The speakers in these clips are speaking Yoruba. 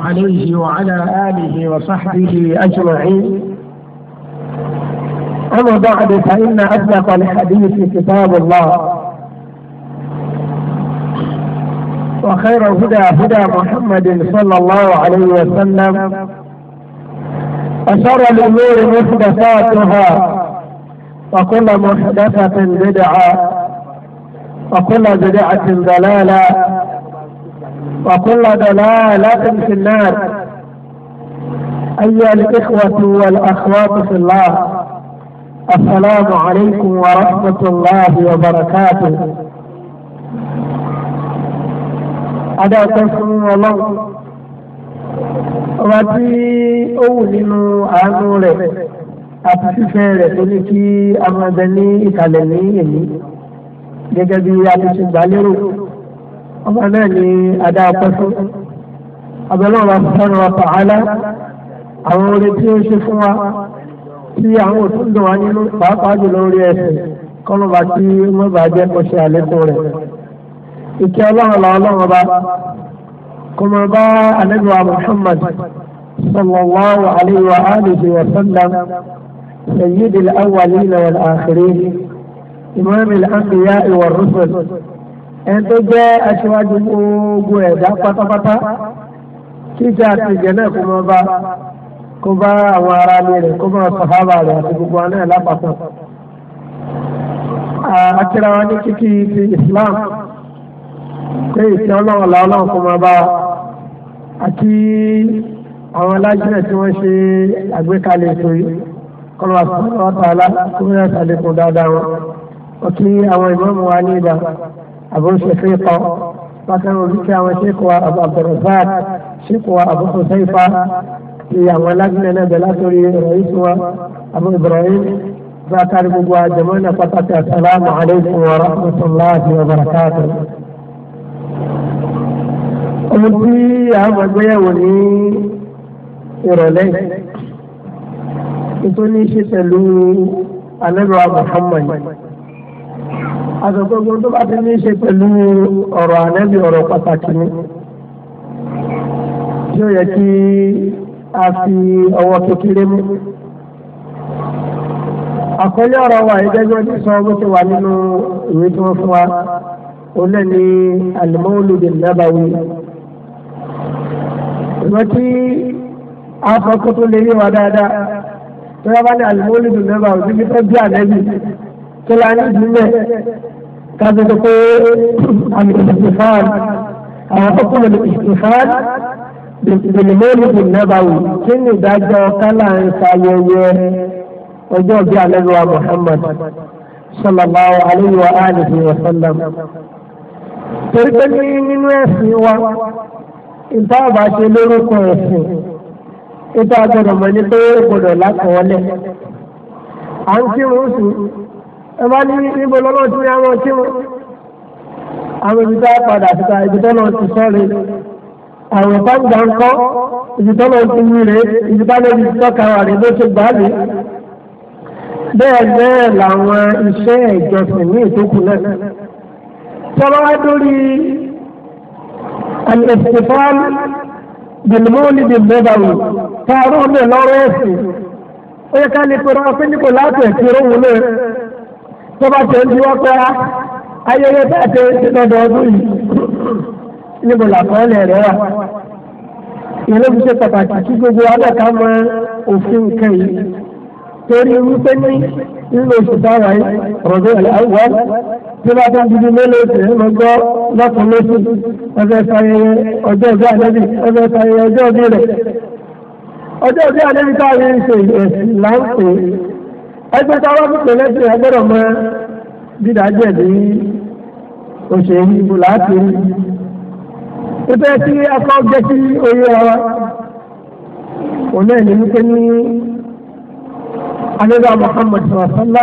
عليه وعلى آله وصحبه أجمعين أما بعد فإن أصدق الحديث كتاب الله وخير الهدى هدى محمد صلى الله عليه وسلم أشار الأمور محدثاتها وكل محدثة بدعة وكل بدعة ضلالة وكل ضلالة في النار أيها الإخوة والأخوات في الله السلام عليكم ورحمة الله وبركاته أدا تسمو الله وفي أولين آنوره àtúnṣe rẹ̀ tó ní kí amọ̀dé ní ìkàlẹ̀ ní èyí gẹ́gẹ́ bí a ti ṣe gbà lérò ọba náà ni adá ọpẹ́fún abẹ́lẹ́ ọba sọ́nù wa ta'ala àwọn orin tí ó ṣe fún wa tí àwọn òtún dùn wá nínú pàápàá jùlọ orí ẹsẹ̀ kọ́nù bá tí wọ́n bá jẹ́ kó ṣe àlékún rẹ̀ ìkẹ́ ọlọ́run làwọn ọlọ́run ọba kò mọ̀ bá ànábì wa Muhammad sallallahu alayhi wa alihi wa sallam sayyidil awwalina wal akhirin imamil anbiya wal rusul ẹni tó jẹ́ aṣíwájú gbogbo ẹ̀dá pátápátá kíkẹ àti ìjẹ náà kó máa bá kó bá àwọn ará mi rẹ̀ kó máa sàhábà rẹ̀ àti gbogbo àná ẹ̀ lápapọ̀. akíra wa ní kíkí ti Islam pé ìfẹ́ ọlọ́run làwọn ọlọ́run kó máa bá wa àti àwọn alájùmọ̀ tí wọ́n ṣe àgbékalẹ̀ ètò yìí kọ́nà àti ọ̀tá alá kó mẹ́ta lékun dáadáa wọn. ọ̀kí àwọn ìmọ̀ọ́mù wa ní ìbá. أبو شقيقة وكانوا بك وشيخها أبو عبد الرزاق شيخها أبو حذيفة يا ولدنا بلاتوري رئيسها أبو إبراهيم ذكر بوا جمعنا فقط السلام عليكم ورحمة الله وبركاته ohun tí a máa gbéyàwó ní ìrọ̀lẹ́ nítorí ṣe pẹ̀lú alẹ́rọ̀ Muhammad àtọ̀gbogbo tó bá ti ní í ṣe pẹ̀lú ọ̀rọ̀ ànẹ́bí ọ̀rọ̀ pàtàkì ni tí ó yẹ kí a fi ọwọ́ kékeré mú. àkọlé ọ̀rọ̀ wa yìí gẹ́gẹ́ bí sọ bó ti wà nínú ìwé tí wọ́n fún wa ó lẹ́ ní alimọ́wòlùdì nàbàwí. ìwọ́n tí a fọ́ kó tó lè yé wa dáadáa tí wọ́n bá ní alimọ́wòlùdì nàbàwí bí wọ́n bí ànẹ́bí kí An ní ìdílé kájọ tó pé àmì ìsìfàn àwọn ọkùnrin lè ìsìfàn bìlìmọ́lì bìlì nàbàwì kí ni ìdájọ́ kálá ń ṣayẹyẹ ọjọ́ bíi alẹ́lúwa Muhammad sallallahu Alaihi wa alihi wa sallam. torí pé ní nínú ẹ̀sìn wa ìta àbá ṣe lórúkọ ẹ̀sìn ìta àgbọ̀dọ̀ mọ̀ ní pé ó gbọ́dọ̀ lákọọ́lẹ̀ à ń kírun sí i ẹ bá ní níbo lọ́wọ́ tí ní àwọn tí wọn. àwọn ibi tá a padà síta ibi tó náà ti sọ́ọ̀rẹ́ àwọn ìpàgbà ń kọ́ ibi tó náà ti wí rèé ibi tá lórí tọ́ka wà rèé bó ṣe gbà lé. bẹ́ẹ̀ bẹ́ẹ̀ làwọn iṣẹ́ ìjọsìn ní ìtókù náà. sọ́wọ́n wá dórí al-istifal بالمولد النبوي فارونا لوريسي ويكالي قراءة نيكولاس يكيرون tó bá tẹ̀ ń bí wọ́n pẹ́ra ayẹyẹ tá a ṣe lọ́dọ̀ ọdún yìí níbo làkọọ́lẹ̀ rẹ̀ wà. ìyẹn ló fi ṣe pàtàkì kí gbogbo alẹ́ka mọ òfin nǹkan yìí torí wípé ní nínú oṣù táwa yìí rọ̀dọ̀ àwọ̀ tí wọ́n bá dúdú mélòó tẹ̀ ń lọ gbọ́ lọ́kùn lóṣù ọjọ́ ìfàyẹyẹ ọjọ́ ìgbà àdébì ọjọ́ ìfàyẹyẹ ọjọ́ ìbí rẹ̀ ọjọ́ ìbí àdébì táwa yìí ń ṣe ẹ̀sìn láǹpẹ̀ ẹgbẹ́ tí a wá fún pẹ̀lú ẹgbẹ́ ẹgbẹ́rọ̀ mọ dídájẹ́ ní òṣèlú ìbò láti rí pípẹ́ tí ẹ̀kọ́ jẹ́ sí orí ọwọ́ òun náà ní wípé ní alẹ́dọ̀ Muhammad sọ̀rọ̀sọ́lá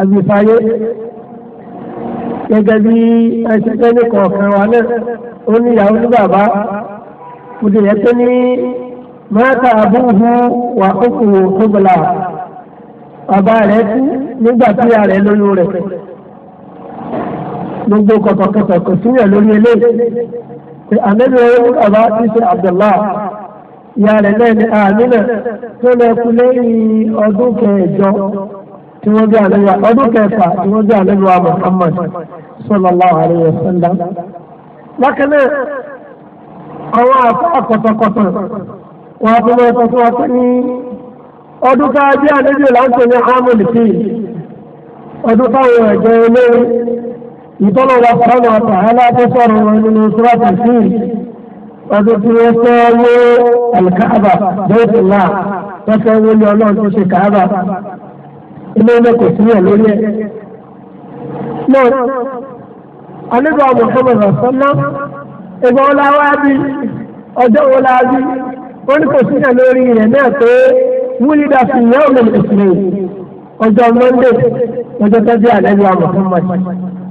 àgbèfáyé gẹ́gẹ́ bí ẹ̀ṣẹ̀ṣẹ́ ní kọ̀ọ̀kan wa náà ó ní ìyàwó ní bàbá kùdìyẹ tó ní mẹ́ta àbúrò wà ó kù ó bàbá rẹ̀ kú nígbà tí ìyá rẹ̀ lóyún rẹ̀ gbogbo kọ̀kọ̀kọ̀kọ̀ kò síyàn lórí eléyìí pé àmẹ́bí ọ̀rọ̀ bàbá ti ṣe Abdullah ìyá rẹ̀ náà ní àmínà tó lọ kú lẹ́yìn ọdún kẹjọ tí wọ́n gbé àlejò ọdún kẹfà tí wọ́n gbé àlejò Muhammad sallallahu alaihi wasallam. bákan náà àwọn àkọ́tọ̀kọ̀tọ̀ wọn á fi mọ́ ẹ̀kọ́ tó wá pẹ́ ní ọdún tá a jẹ́ àlejò ní hamlin sí ọdún táwọn ẹ̀jẹ̀ ilé ìtọ́lọ́wà sọ́nà àtàhálà tó sọ̀rọ̀ nínú sí ọdún tí wọ́n fẹ́ alikaaba náà wọ́n fẹ́ ní kaaba ilé ilé kò sí ẹ̀ lórí ẹ̀. náà sọ́nà wọn bí ọjọ́ wọn bí na ní kò sí ẹ̀ lórí náà ولد في يوم الاثنين ọjọ́ monday ọjọ́ tọ́jú àlẹ́lú Muhammad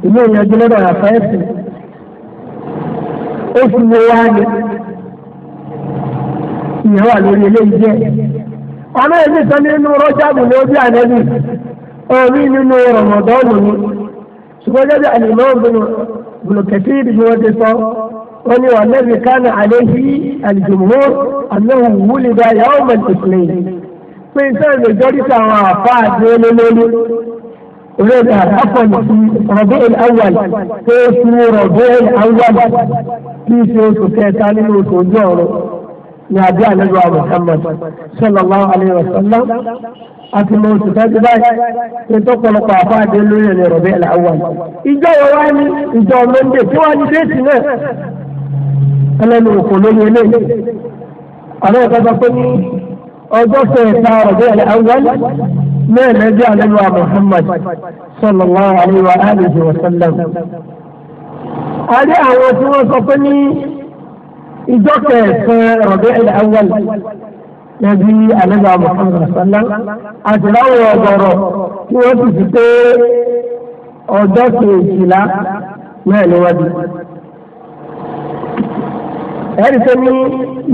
ìlú ìyànjú lọ́dọ̀ ràfáẹ́sì oṣù wo wá ni ìyẹn wà lórí eléyìí jẹ́ ọmọ ẹ̀mí kan nínú rọ́jàbù ni ó bí àlẹ́lú orí nínú rọ̀mọ̀dọ́ọ̀nù ni ṣùgbọ́n jẹ́bi àlẹ́mọ́ bùnùkẹ́tì ìdìbò wọn ti sọ wọ́n ní wà kánà àlẹ́ yìí àlùjùmọ́ àmì yàwó mẹ́tẹ̀ẹ̀tẹ̀ pé iṣẹ́ ìmẹjọ́rìtì àwọn àfáà àti olólórí olóòtú àkọ́kọ́ ní rọ̀bí awal tó fún rọ̀bí awal kí ṣe oṣù kẹta nínú oṣù ojú ọ̀rọ̀ ní àlejò àti oṣù tẹ́tí báyìí ṣe tó pọ̀lọpọ̀ lórí awal. ìjọ wá ní ìjọ tí wọ́n ní déètì náà ẹlẹ́nu òkò lórí eléyìí. àwọn ìgbàgbọ́ pé وقلت يا ربيع الاول من رجال الامام محمد صلى الله عليه واله وسلم هذه هو توسطني إجوك ربيع الأول نبي الامام محمد صلى الله عليه وسلم أتلو وضره توسطي أجوك إجلا من نودي ẹ̀rí tó ní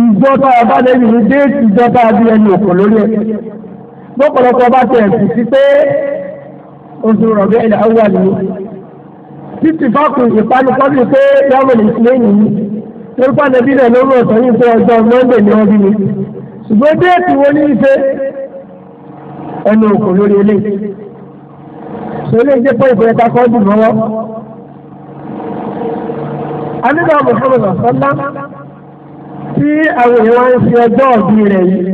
ìjọ tó a bá lẹ́yìn ní déètì ìjọ tó a bí ẹni òkò lórí ẹ̀. lọ́pọ̀lọpọ̀ bá tẹ̀ ẹ̀sìn sí pé oṣù rọ̀bì ilẹ̀ awúwà ni títí fáàkù ìpanupọ̀ bíi pé yàmùn ìsìlẹ̀yìn yìí lórúkọ àdébí rẹ̀ lórí ọ̀sán yìí pé ọjọ́ mọ́ndé ni wọ́n bí mi. ṣùgbọ́n déètì wo ní ife ẹni òkò lórí eléyìí. sọlá ìjẹ́ pé ìbẹ̀rẹ̀ kakọ́ dùn mọ́wọ́. anígbà mọ̀fọ́lọ́ tí àwọn èèyàn wá ń fi ọjọ́ ọ̀bí rẹ̀ yìí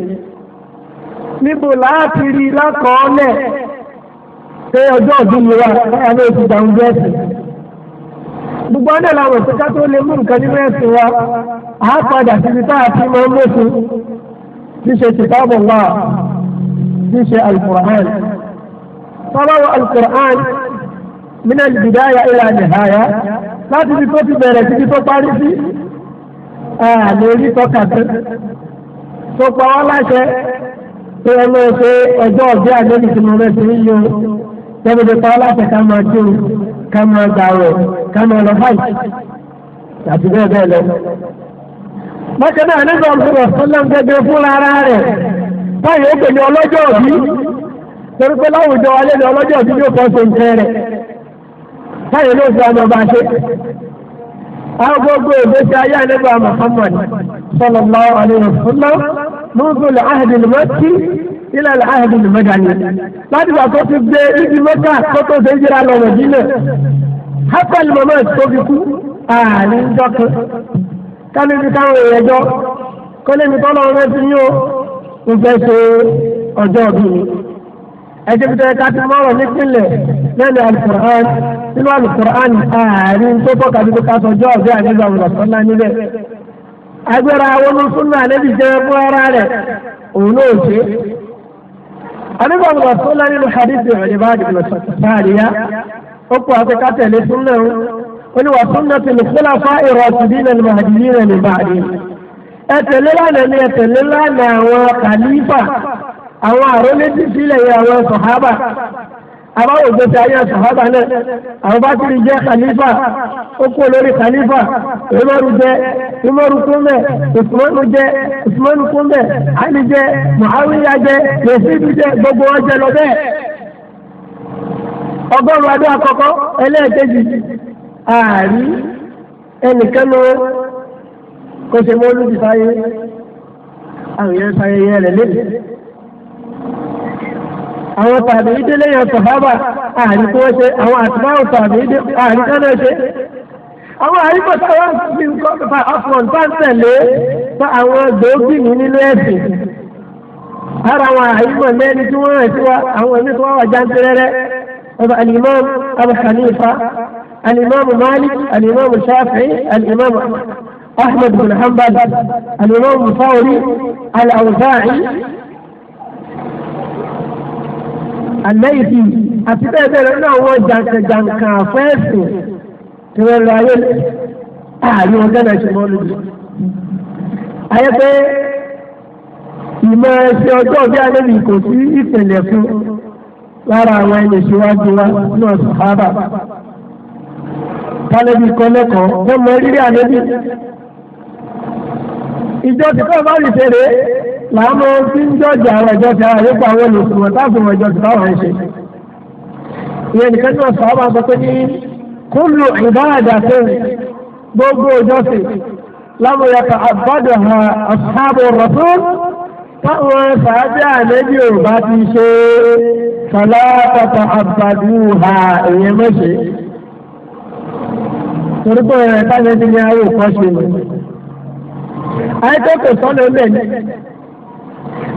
níbo láti rí lákọọ́lẹ̀ pé ọjọ́ ọ̀bí mi wà láàárín oṣù gbàǹgbẹ́ ẹ̀sìn gbogbo ọ̀nà làwọn òṣìṣẹ́ tó lè mú nǹkan nínú ẹ̀sìn wa á padà síbi tá a ti máa ń mọ̀tún tí ṣe kìtàbù Allah tí ṣe alukur'an sábàwọ̀ alukur'an min al-bidaya ila láti ibi tó ti bẹ̀rẹ̀ síbi tó parí sí. Aa, ah, orí tó pa wá láṣẹ pé ẹ lọ́ọ́ pé ọjọ́ ọ̀gbẹ́ àgbẹ̀bí tí mo rẹ̀ ti ń yọ lẹ́bi pa wá láṣẹ ká máa jó ká máa gbà ká máa lọ báyìí àti bẹ́ẹ̀ bẹ́ẹ̀ lọ. bákan náà nígbà ọ̀gbọ̀n ọ̀sán gẹ́gẹ́ fúnra ara rẹ̀ ni ọlọ́jọ́ àwọn gbogbo ìgbésí ayé àlébà Muhammad sallallahu alaihi wasallam منذ العهد المكي إلى العهد المدني láti gbà tó ti gbé ibi mẹ́ta tó tó ṣe yíra lọ Mẹdínà hapal mohammed tó fi kú ààrin dọ́kan kálí ibi káwọn èèyàn jọ kọ́lé mi tọ́lọ́ ọmọ ti ní o mo fẹ́ ṣe ọjọ́ ọdún mi ẹjẹbi tó yẹ ká ti mọ̀rọ̀ nípìnlẹ̀ lẹ́nu alukur'an nínú alukur'an ààrin tó tọ́ka bí kò ká sọ jọ́ ọ̀bí àdébà ọ̀lọ́sọ́lá níbẹ̀. agbára wọnú súnmọ́ àlẹ́bí jẹ́ fún ara rẹ̀ òun náà ṣe. àdébà ọ̀lọ́sọ́lá nínú hadith ìrìnbá àdìgbò sàríyá ó kó akẹ́kọ̀ọ́ tẹ̀lé súnmọ́ òun ó ní wà súnmọ́ tó lè kólà fá ìrọ̀ ọ̀sùn àwọn àrùn méjì sílẹ̀ yẹ àwọn sàhábà àbáwò gbèsè ayé sàhábà náà àwọn bá ti jẹ́ ó kú olórí khalifa umaru jẹ́ umaru kúmbẹ̀ usmanu jẹ́ usmanu kúmbẹ̀ ali jẹ muawiya jẹ́ gbogbo wọn jẹ́ lọ ọgọ́rùn adé ẹlẹ́ẹ̀kejì ààrí ṣe mọ́ àwọn tàbí ìdílé yẹn sọ̀hábà àrí tó ṣe àwọn àtìmáwò tàbí ìdí àrí tó náà ṣe. àwọn àríkò táwọn fi ń kọ́ fa ọ̀fọ̀n tá ń tẹ̀lé fa àwọn gbòógì ní nínú ẹ̀sìn. ara àwọn àyíkò mẹ́ni tí wọ́n rẹ̀ sí wa àwọn ẹ̀mí tó wà wà jáńtẹ́rẹ́rẹ́ ọba alimam abu hanifa alimam malik alimam shafi'i alimam ahmed bin hanbal alimam musauri al-awza'i àlẹ́yìí àti bẹ́ẹ̀ bẹ́ẹ̀ lọ́nà àwọn jàǹkàjàǹkà fẹ́ẹ̀sì tí wọ́n lọ ayé àárín wọn gánà ṣe mọ́ lójú. ayé pé ìmọ̀ ẹsẹ̀ ọjọ́ bí alẹ́bí kò sí ìpìlẹ̀ fún lára àwọn ẹni ìṣíwájú wa náà sàhábà. tálẹ́bí kọ́ lẹ́kọ̀ọ́ wọ́n mọ rírí àlẹ́bí. ìjọ tí kò bá rí ṣe rèé màá mọ tí ń jọ́ọ̀jì àwọn ẹ̀jọ́ ti àwọn nípa àwọn olùsùnmọ̀ táàbùn ẹ̀jọ́ ti báwọn ń ṣe. ìyẹn nìkan náà sọ ọba sọ pé ní kúlù ìbáradà pé gbogbo ìjọsìn lámúyàtọ̀ àbádọ̀ ha àbábọ̀ rọ̀tún táwọn sàájà àlejò ò bá ti ṣe sàlátàtà àbàdù ha èèyàn mẹ́ṣe. torí pé ẹ̀ka lẹ́sìn ní ayé ìkọ́ṣe mi. àìkẹ́kọ̀ọ́ sọ́nà ó lẹ̀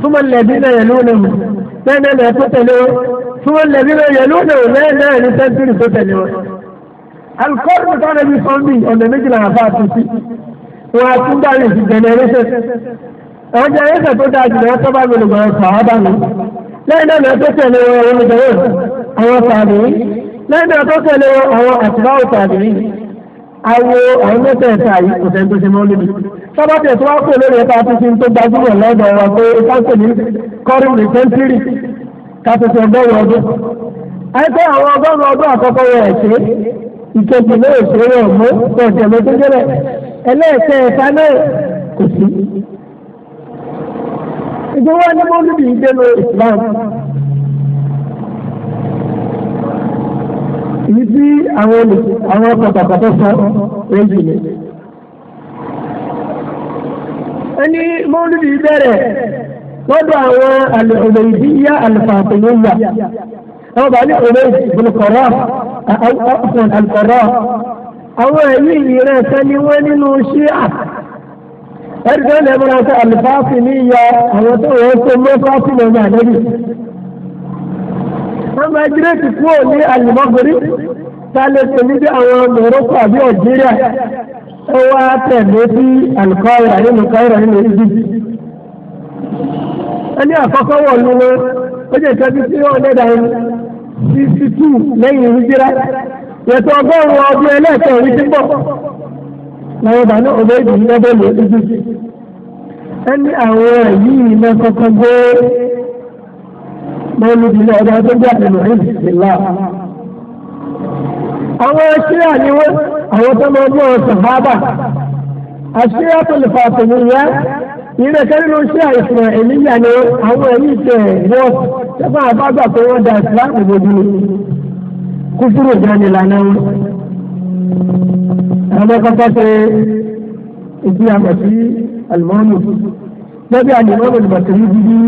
súnmọ́ lẹ́bí náà yẹ lónìí mu bẹ́ẹ̀ náà lẹ́ẹ̀ tó tẹ̀lé wọn súnmọ́ lẹ́bí náà yẹ lónìí mu bẹ́ẹ̀ náà ní sẹ́ńtírì tó tẹ̀lé wọn. alikọ́ọ̀dù tó tẹ̀lé bí sọ́ndì ọ̀nà méjìlá àbá àtúntì wọn àtúndà lè fi jẹnẹrẹsẹ àwọn jẹnẹrẹsẹ tó dáa jù lọ́wọ́ sábà mi lùgbọ́n sàábà mi lẹ́yìn náà lẹ́ẹ̀ tó tẹ̀lé wọn àwọn jẹnẹrẹ àwọn sàbẹ̀ lẹ́yìn náà tó tẹ̀lé wọn àwọn àtúbáwò sàbẹ̀ awo àwọn mẹ́tẹ̀ẹ̀ta yìí kò sẹ́ni tó ṣe mọ́lẹ́ mi. sábàtì ẹ̀tọ́ wá pè lórí ẹ̀ka tuntun tó gbajúmọ̀ lọ́dọ̀ wa pé káńtò ní kọ́rin ní sẹ́ńtírì kápẹ́tẹ̀ ọgọ́rùn ọdún. àìpé àwọn ọgọ́rùn ọdún àkọ́kọ́ rẹ̀ ṣe ìkejì náà ṣe rẹ̀ mú pọ̀jẹ̀ ló tó jẹ́rẹ̀ ẹlẹ́ẹ̀kẹ́ẹ̀ta náà kò sí. ìjọba ní mọ́lẹ́ Ibi tí àwọn olùsí àwọn pàtàkàtà sọ èyí ni. Ẹni mọ́lúdì bẹ̀rẹ̀ lọ́dọ̀ àwọn al-Ubaydiyya al-Fatimiyya. Àwọn bàálí Ubayd bin Qaraf àwọn al-Qaraf. Àwọn ẹ̀mí ìrìn ẹ̀sẹ̀ ni wọ́n nínú Ṣíà. Ẹ̀rí tó ń lẹ́mọ́ra sọ al-Fatimiyya àwọn tó wọ́n so mọ́ Fatimiyya náà lẹ́yìn. wọ́n máa gírètì kúrò ní àlùmọ́gbèrè sálẹ̀ pé níbi àwọn Morocco àbí Algeria ó wá tẹ̀lé sí alukọ́ra nínú kọ́ra nínú Egypt. ẹni àkọ́kọ́ wọ̀ ní wọn ó jẹ́ ìtọ́jú sí ẹni lẹ́yìn ìrújíra ọgọ́rùn-ún ọdún ti bọ̀ ẹni àwọn mọ́lúbi náà ọdún ọdún bí àtẹnu rẹ̀ ìlà. àwọn ṣíà ni wọ́n àwọn tó máa mú ọ̀sán bábà. àṣírí tó lè fàtò mí yá ìrẹ́ kẹ́rin ló ṣíà ìfìmọ̀ ènìyà ni àwọn ẹ̀mí ìṣẹ̀ wọ́n tẹ́fà àbágbà pé wọ́n da ìsìláàmù gbogbo kúfúrò ìdáni lànà wọn. àwọn kọ́kọ́ ṣe ìdí àmọ̀ sí àlùmọ́ọ́nù lọ́bí àlùmọ́ọ́nù ìbàtẹ́lú bíbí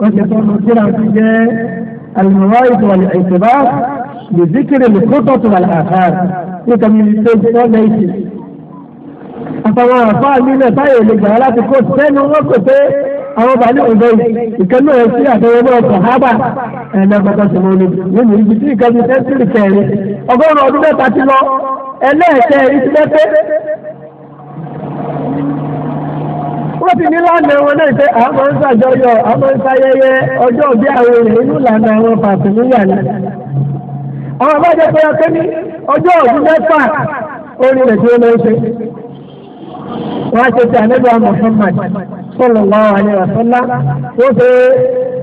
وشيطان كثيرا في المواعظ والاعتبار بذكر الخطط والآثار وكم يستيقظ ليس àtàwọn àfáà nílẹ̀ táyọ̀ lè gbà láti kó sẹ́nu wọn kò pé àwọn bàálù ọ̀dọ́ ìkànnì ẹ̀ sí àtàwọn ọmọ sàhábà ẹ̀ẹ́dá bàtà sí wọn níbi nínú ibi tí ìkànnì sẹ́ńtírì kẹrin ọgọ́rùn-ún ọdún mẹ́ta ti lọ ẹlẹ́ẹ̀kẹ́ ìtìlẹ́pẹ́ ó sì ní lánàá wọn náà pé a máa ń ṣàjọyọ̀ a máa ń ṣayẹyẹ ọjọ́ bí àwọn èèyàn inú ìlànà àwọn pàtùmí yà ni. àwọn abájọ pé ọkẹ́ ní ọjọ́ ọdún mẹ́fà orin rẹ̀ tí ó lọ́ọ́ ṣe. wọ́n á ṣe ti àlejò Muhammad sallallahu alaihi wasallam wọ́n ṣe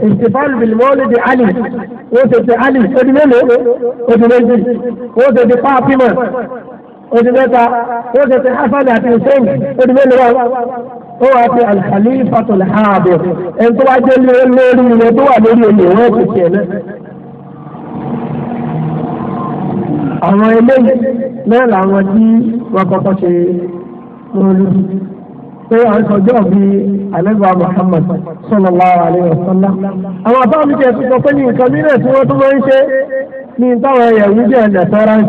ìsìfàlù bìlmọ́lìdì Ali wọ́n ṣe ti Ali odùmẹ́lẹ̀ odùmẹ́jì wọ́n ṣe ti Fátímà odi mẹ́ta ó ti ti hasan àti hussein odi mẹ́lẹ̀ wá ó wàá ti alkhalifa alhaabo ẹni tó wá jẹ́ lórí ilẹ̀ tó wà lórí ilẹ̀ wọ́n ti tiẹ̀ náà. àwọn eléyìí náà làwọn tí wọ́n kọ́kọ́ ṣe lórí pé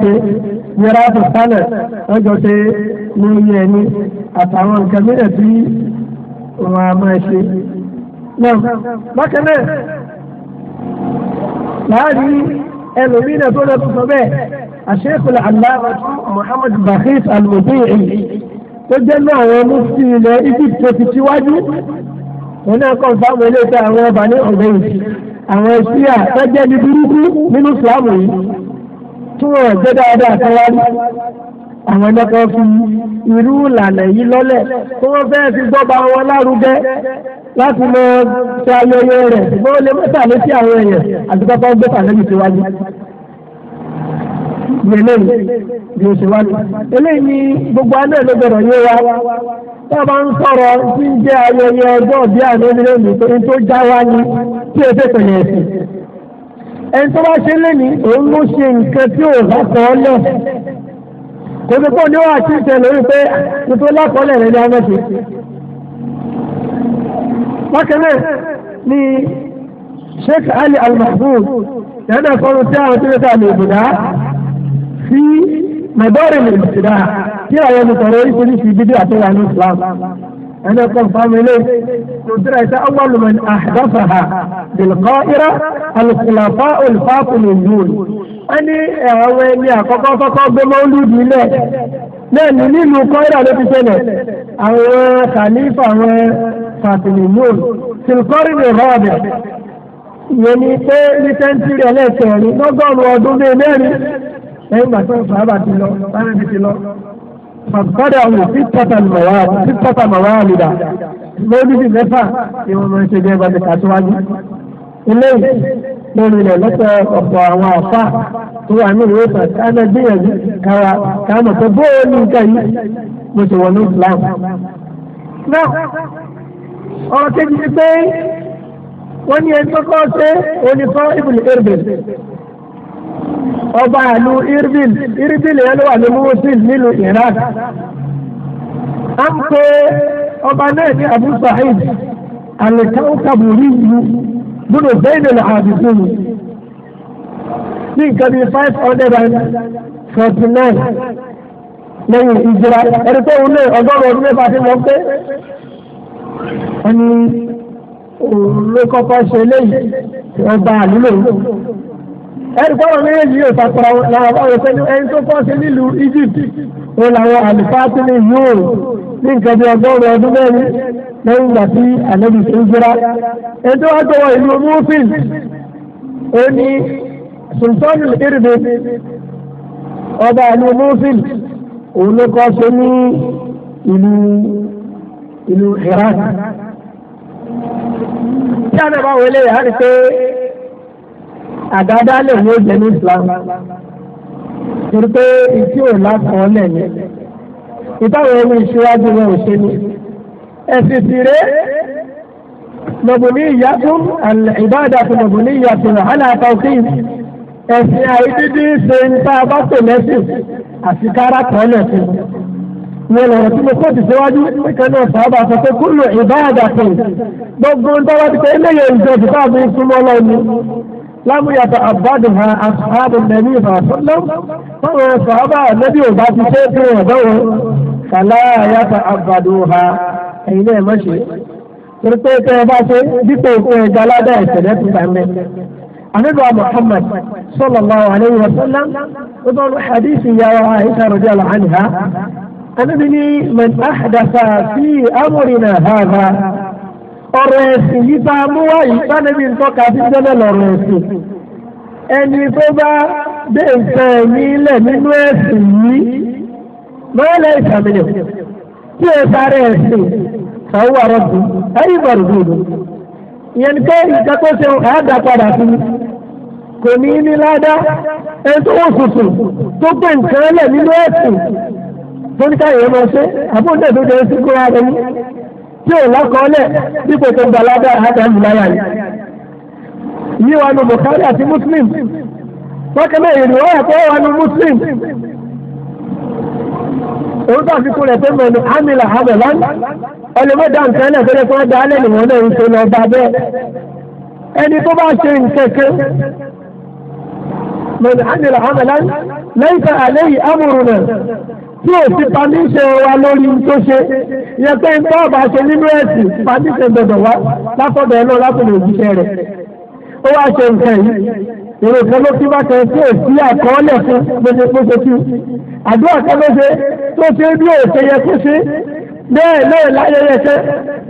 à ń yẹra sọ̀tálẹ̀ lọ́jọ́ pé ní oyè ẹni àtàwọn nǹkan mìíràn tí wọ́n á máa ṣe. náà bákan náà láàrin ẹlòmíràn tó lọ sọ bẹ́ẹ̀ àṣekùlà aláàbà Muhammad Bakis al-Mudi'i tó jẹ́ náà àwọn mufti ilẹ̀ Egypt tó fi síwájú wọn náà kọ́ fáwọn ilé iṣẹ́ àwọn ọba ní ọ̀gbẹ́yìn àwọn ẹ̀ṣíà tó jẹ́ ní burúkú nínú Islam yìí tí wọ́n jẹ́ dáadáa kan wá rí àwọn ẹlẹ́kọ̀ọ́ fi irú ìlànà yìí lọ́lẹ̀ tí wọ́n fẹ́ẹ́ fi gbọ́ba wọn lárugẹ láti lọ ṣe ayẹyẹ rẹ̀ ṣùgbọ́n ó lè mẹ́ta létí àwọn èèyàn àti pápá ń gbẹ́ta lẹ́yìn tí wájú. Eléyìí ni oṣù wájú. Eléyìí ni gbogbo aná ló bẹ̀rẹ̀ yé wa. Tá a bá ń sọ̀rọ̀ tí ń jẹ́ ayẹyẹ ọjọ́ ìbí àná nílé mi tó já wá ní tí o fẹ́ pẹ̀lẹ́ ẹ̀sìn ẹni tó bá ṣe lẹ́ni òun ló ṣe nǹkan tí ò bá kọ́ ọ lẹ̀ kò sí pọ̀ níwọ̀n àti ìṣẹ̀ lórí pé tuntun lákọọ́lẹ̀ rẹ̀ ni a mẹ́sì. bákan náà ni Sheikh Ali Al-Mahmoud yàrá ìfọ̀rọ̀ tí àwọn tí wọ́n ta lè bùdá sí mẹ̀dọ́rìn lè bùdá kí àwọn olùkọ́rọ̀ oríṣiríṣi bídí àtúwà ní Islam. أنا كنفهم إليه قدرة أول من أحدثها بالقاهرة الخلفاء الفاطميون أني أولي أقوى فقط بمولود الله náà ní nílùú kọ́ńdà ló ti ṣẹlẹ̀ àwọn kàlífà àwọn fàtìmíyàn tìlùkọ́rì lè rọ́ ọ̀bẹ̀ ìyẹn ni pé ní sẹ́ńtírì ẹlẹ́sẹ̀rin lọ́gọ́rùn-ún ọdún bíi mẹ́rin ẹ̀yìn bàtà bàbá ti lọ bàbá ti lọ fàbádàwò títàtà màwáàlìdà lóríṣi mẹ́fà ni wọ́n máa ń ṣe bí ẹgbẹ́ nìkan síwájú. eléyìí lórí ilẹ̀ lọ́pọ̀ ọ̀pọ̀ àwọn àfà tó wà ní ìwé ìtàn káná gbìyànjú kára káàmù tó bóyá ní nǹkan yìí mo ti wọnú Islam. náà ọ̀rọ̀ kejì ni pé wọ́n ní ẹni tó kọ́ ṣe onífọ́ ìbùlẹ̀ èrè ọba ìlú irbil irbil yẹn ló wà ní mosul nílùú iran à ń pe ọba náà ní abu sa'id alikawukaburi ìlú gbọ́dọ̀ bẹ́ẹ̀ nílò àdìgún ní nǹkan bíi five hundred and forty nine lẹ́yìn ìjìra ẹni tó wù lé ọgọ́rùn ọdún mẹ́fà tí mo pé ẹni òun ló kọ́kọ́ ṣe léyìí ọba àlúlò ẹni pọ́wọ́ méjèèjì yóò takura làwọn báwo sẹ́ni ẹni tó kọ́ sí nílùú Egypt ó làwọn àlùfáàtì ní yóò ní nǹkan bí ọgọ́rùn ọdún mẹ́rin lẹ́yìn ìgbà tí ànábì tó ń jura ẹni tó wá tọwọ́ ìlú mufin ó ní sultani irbe ọba ìlú mufin òun ló kọ́ sí ní ìlú ìlú Iraq. tí a náà bá wọlé yàrá ni pé àdádálẹ̀ ni ó jẹ́ ní Islam torí pé ìtí ò lásán lẹ̀ ni ìtàwọn ẹni ìṣíwájú wọn ò ṣe ni ẹ̀sìn sì ré mọ̀bùnìyàtún ìbádàtún mọ̀bùnìyàtún àlà tawqif ẹ̀sìn àìdídí ṣe ń tá a bá tò lẹ́sìn àti kára kan lẹ́sìn wọn lọ̀rọ̀ tí mo kóòtù síwájú nìkan náà sábà sọ pé kúlù ìbádàtún gbogbo ń tọ́wọ́ ti pé eléyìí ìjọba tó àbí súnmọ́ lọ́nu لم يتعبدها أصحاب النبي صلى الله عليه وسلم فهو صحابة النبي وبعد شيء ودوه فلا يتعبدوها أين مشي تركوا تهباسي بيكو جلادة سنة تعمل أنا محمد صلى الله عليه وسلم وضعوا حديث يا عائشة رضي الله عنها أنا من أحدث في أمرنا هذا ọ̀rọ̀ ẹ̀sìn yìí bá mú wá yìí bá níbi ìtọ́ka sí tẹ́lẹ̀ lọ́rọ̀ ẹ̀sìn ẹni tó bá gbé nǹkan ẹ̀mí lẹ̀ nínú ẹ̀sìn yìí lọ́ọ̀lẹ̀ ìsàmìlẹ̀ tí ó sáré ẹ̀sìn àwọn àrọ́bù ẹ̀yìn bàrùbùrù ìyẹn pé nǹkan tó ṣe àádá padà fún mi kò ní ní ládá ẹni tó wọ́n sùsù tó gbé nǹkan lẹ̀ nínú ẹ̀sìn tó ní ṣe àbúrò tó jẹ́ sí kó tí ò lákọọ́lẹ̀ dípò tó gba ládàá àtà ìlàyà yìí. Yí wa nu Bukhari àti Muslim. Bákẹ́lẹ́ ìrìn wáyà tó wà nu Muslim. Òun tó àfikún rẹ̀ tó mọ̀ ní Amila Habelan. Ọlọ́mọdé àǹkan náà fẹ́rẹ́ fún ọjà alẹ́ nìwọ̀n náà ń ṣe lọ bá bẹ́ẹ̀. Ẹni tó bá ṣe nǹkan kan. Amila Habelan lẹ́yìn tá àléyìn amúrù rẹ̀ tí ò sí pàmíṣẹ́ wa lórí tó ṣe yẹ pé ń tọ́ọ̀bà ṣe nínú ẹ̀sìn pàmíṣẹ́ gbọdọ̀ wá látọ̀dọ̀ ẹ̀ náà látọ̀dọ̀ òjíṣẹ́ rẹ̀ ó wá ṣe nǹkan yìí èrò kan ló fi bákan tí ò sí àkọọ́lẹ̀ fún gbogbo gbogbo tí àdúrà kan ló ṣe tó ṣe bí ò ṣe ṣe bẹ́ẹ̀ náà láyẹyẹ ṣe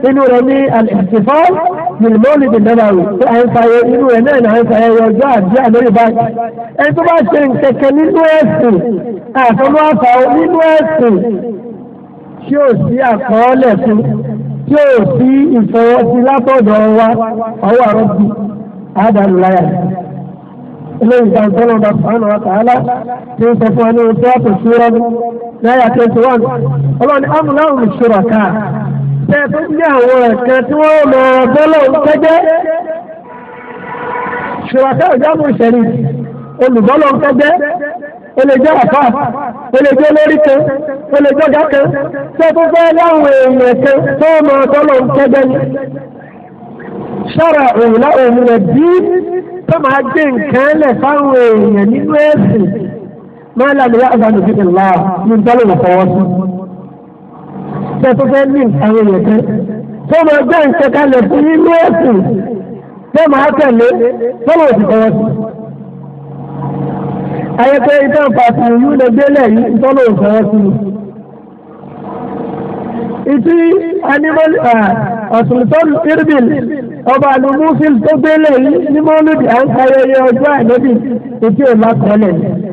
inú rẹ̀ ní àlẹ́sìfọ́ bìlmọ́ọ̀lì bìlmọ́ọ̀lì tó à ń fàyẹ inú rẹ̀ náà náà ń fàyẹ ọjọ́ àbí àlórí báyìí. ẹni tó bá ṣe nkẹ̀kẹ́ nínú ẹ̀sìn àfọwọ́ àfàwọ́ nínú ẹ̀sìn tí ò sí àkọọ́lẹ̀ fún tí ò sí ìfọwọ́sí látọ̀dọ̀ wa ọwọ́ àrọ́bì àdàlù láyà. eléyìí ìgbà ìtọ́nà ọ̀dà fàánù àtàlá tí ó sọ fún ẹni tó náírà twenty one ọlọ́ni amúláwùn ìṣòro àká tẹ̀sán ní àwọn ẹ̀ka tí wọ́n mọ bọ́lọ̀ kẹ́jẹ́ ṣùràká ìjábọ̀ ìṣẹ̀rí olùbọ́lọ̀ kẹ́jẹ́ ó lè jẹ́ àfà ó lè jẹ́ lórí kan ó lè jẹ́ ọ̀gá kan tó tó fẹ́ láwọn èèyàn kan tó mọ bọ́lọ̀ kẹ́jẹ́ ni ṣọ́ra òun láwọn bí tó máa gbé nǹkan lẹ̀ fáwọn èèyàn nínú ẹ̀sìn mọ́lá ni wọ́n àgbàdo fi ìlà ní dọ́là ìfọwọ́ sí. Ṣé tó fẹ́ ní àwọn èèyàn kan? Tó máa gbé nǹkan kalẹ̀ fún nínú ẹ̀sìn tó máa tẹ̀lé dọ́là ìfọwọ́ sí. Ayẹ̀pẹ́ ìtàn pàtàkì yìí lè gbélé yìí dọ́là ìfọwọ́ sí. Ìtí animal ọ̀sùnṣọ́n irbil ọba àlùmúfil tó gbélé yìí ní mọ́lúdì à ń ka ayẹyẹ ọjọ́ àìlódì ìtí ò lákọọ́lẹ̀ yìí.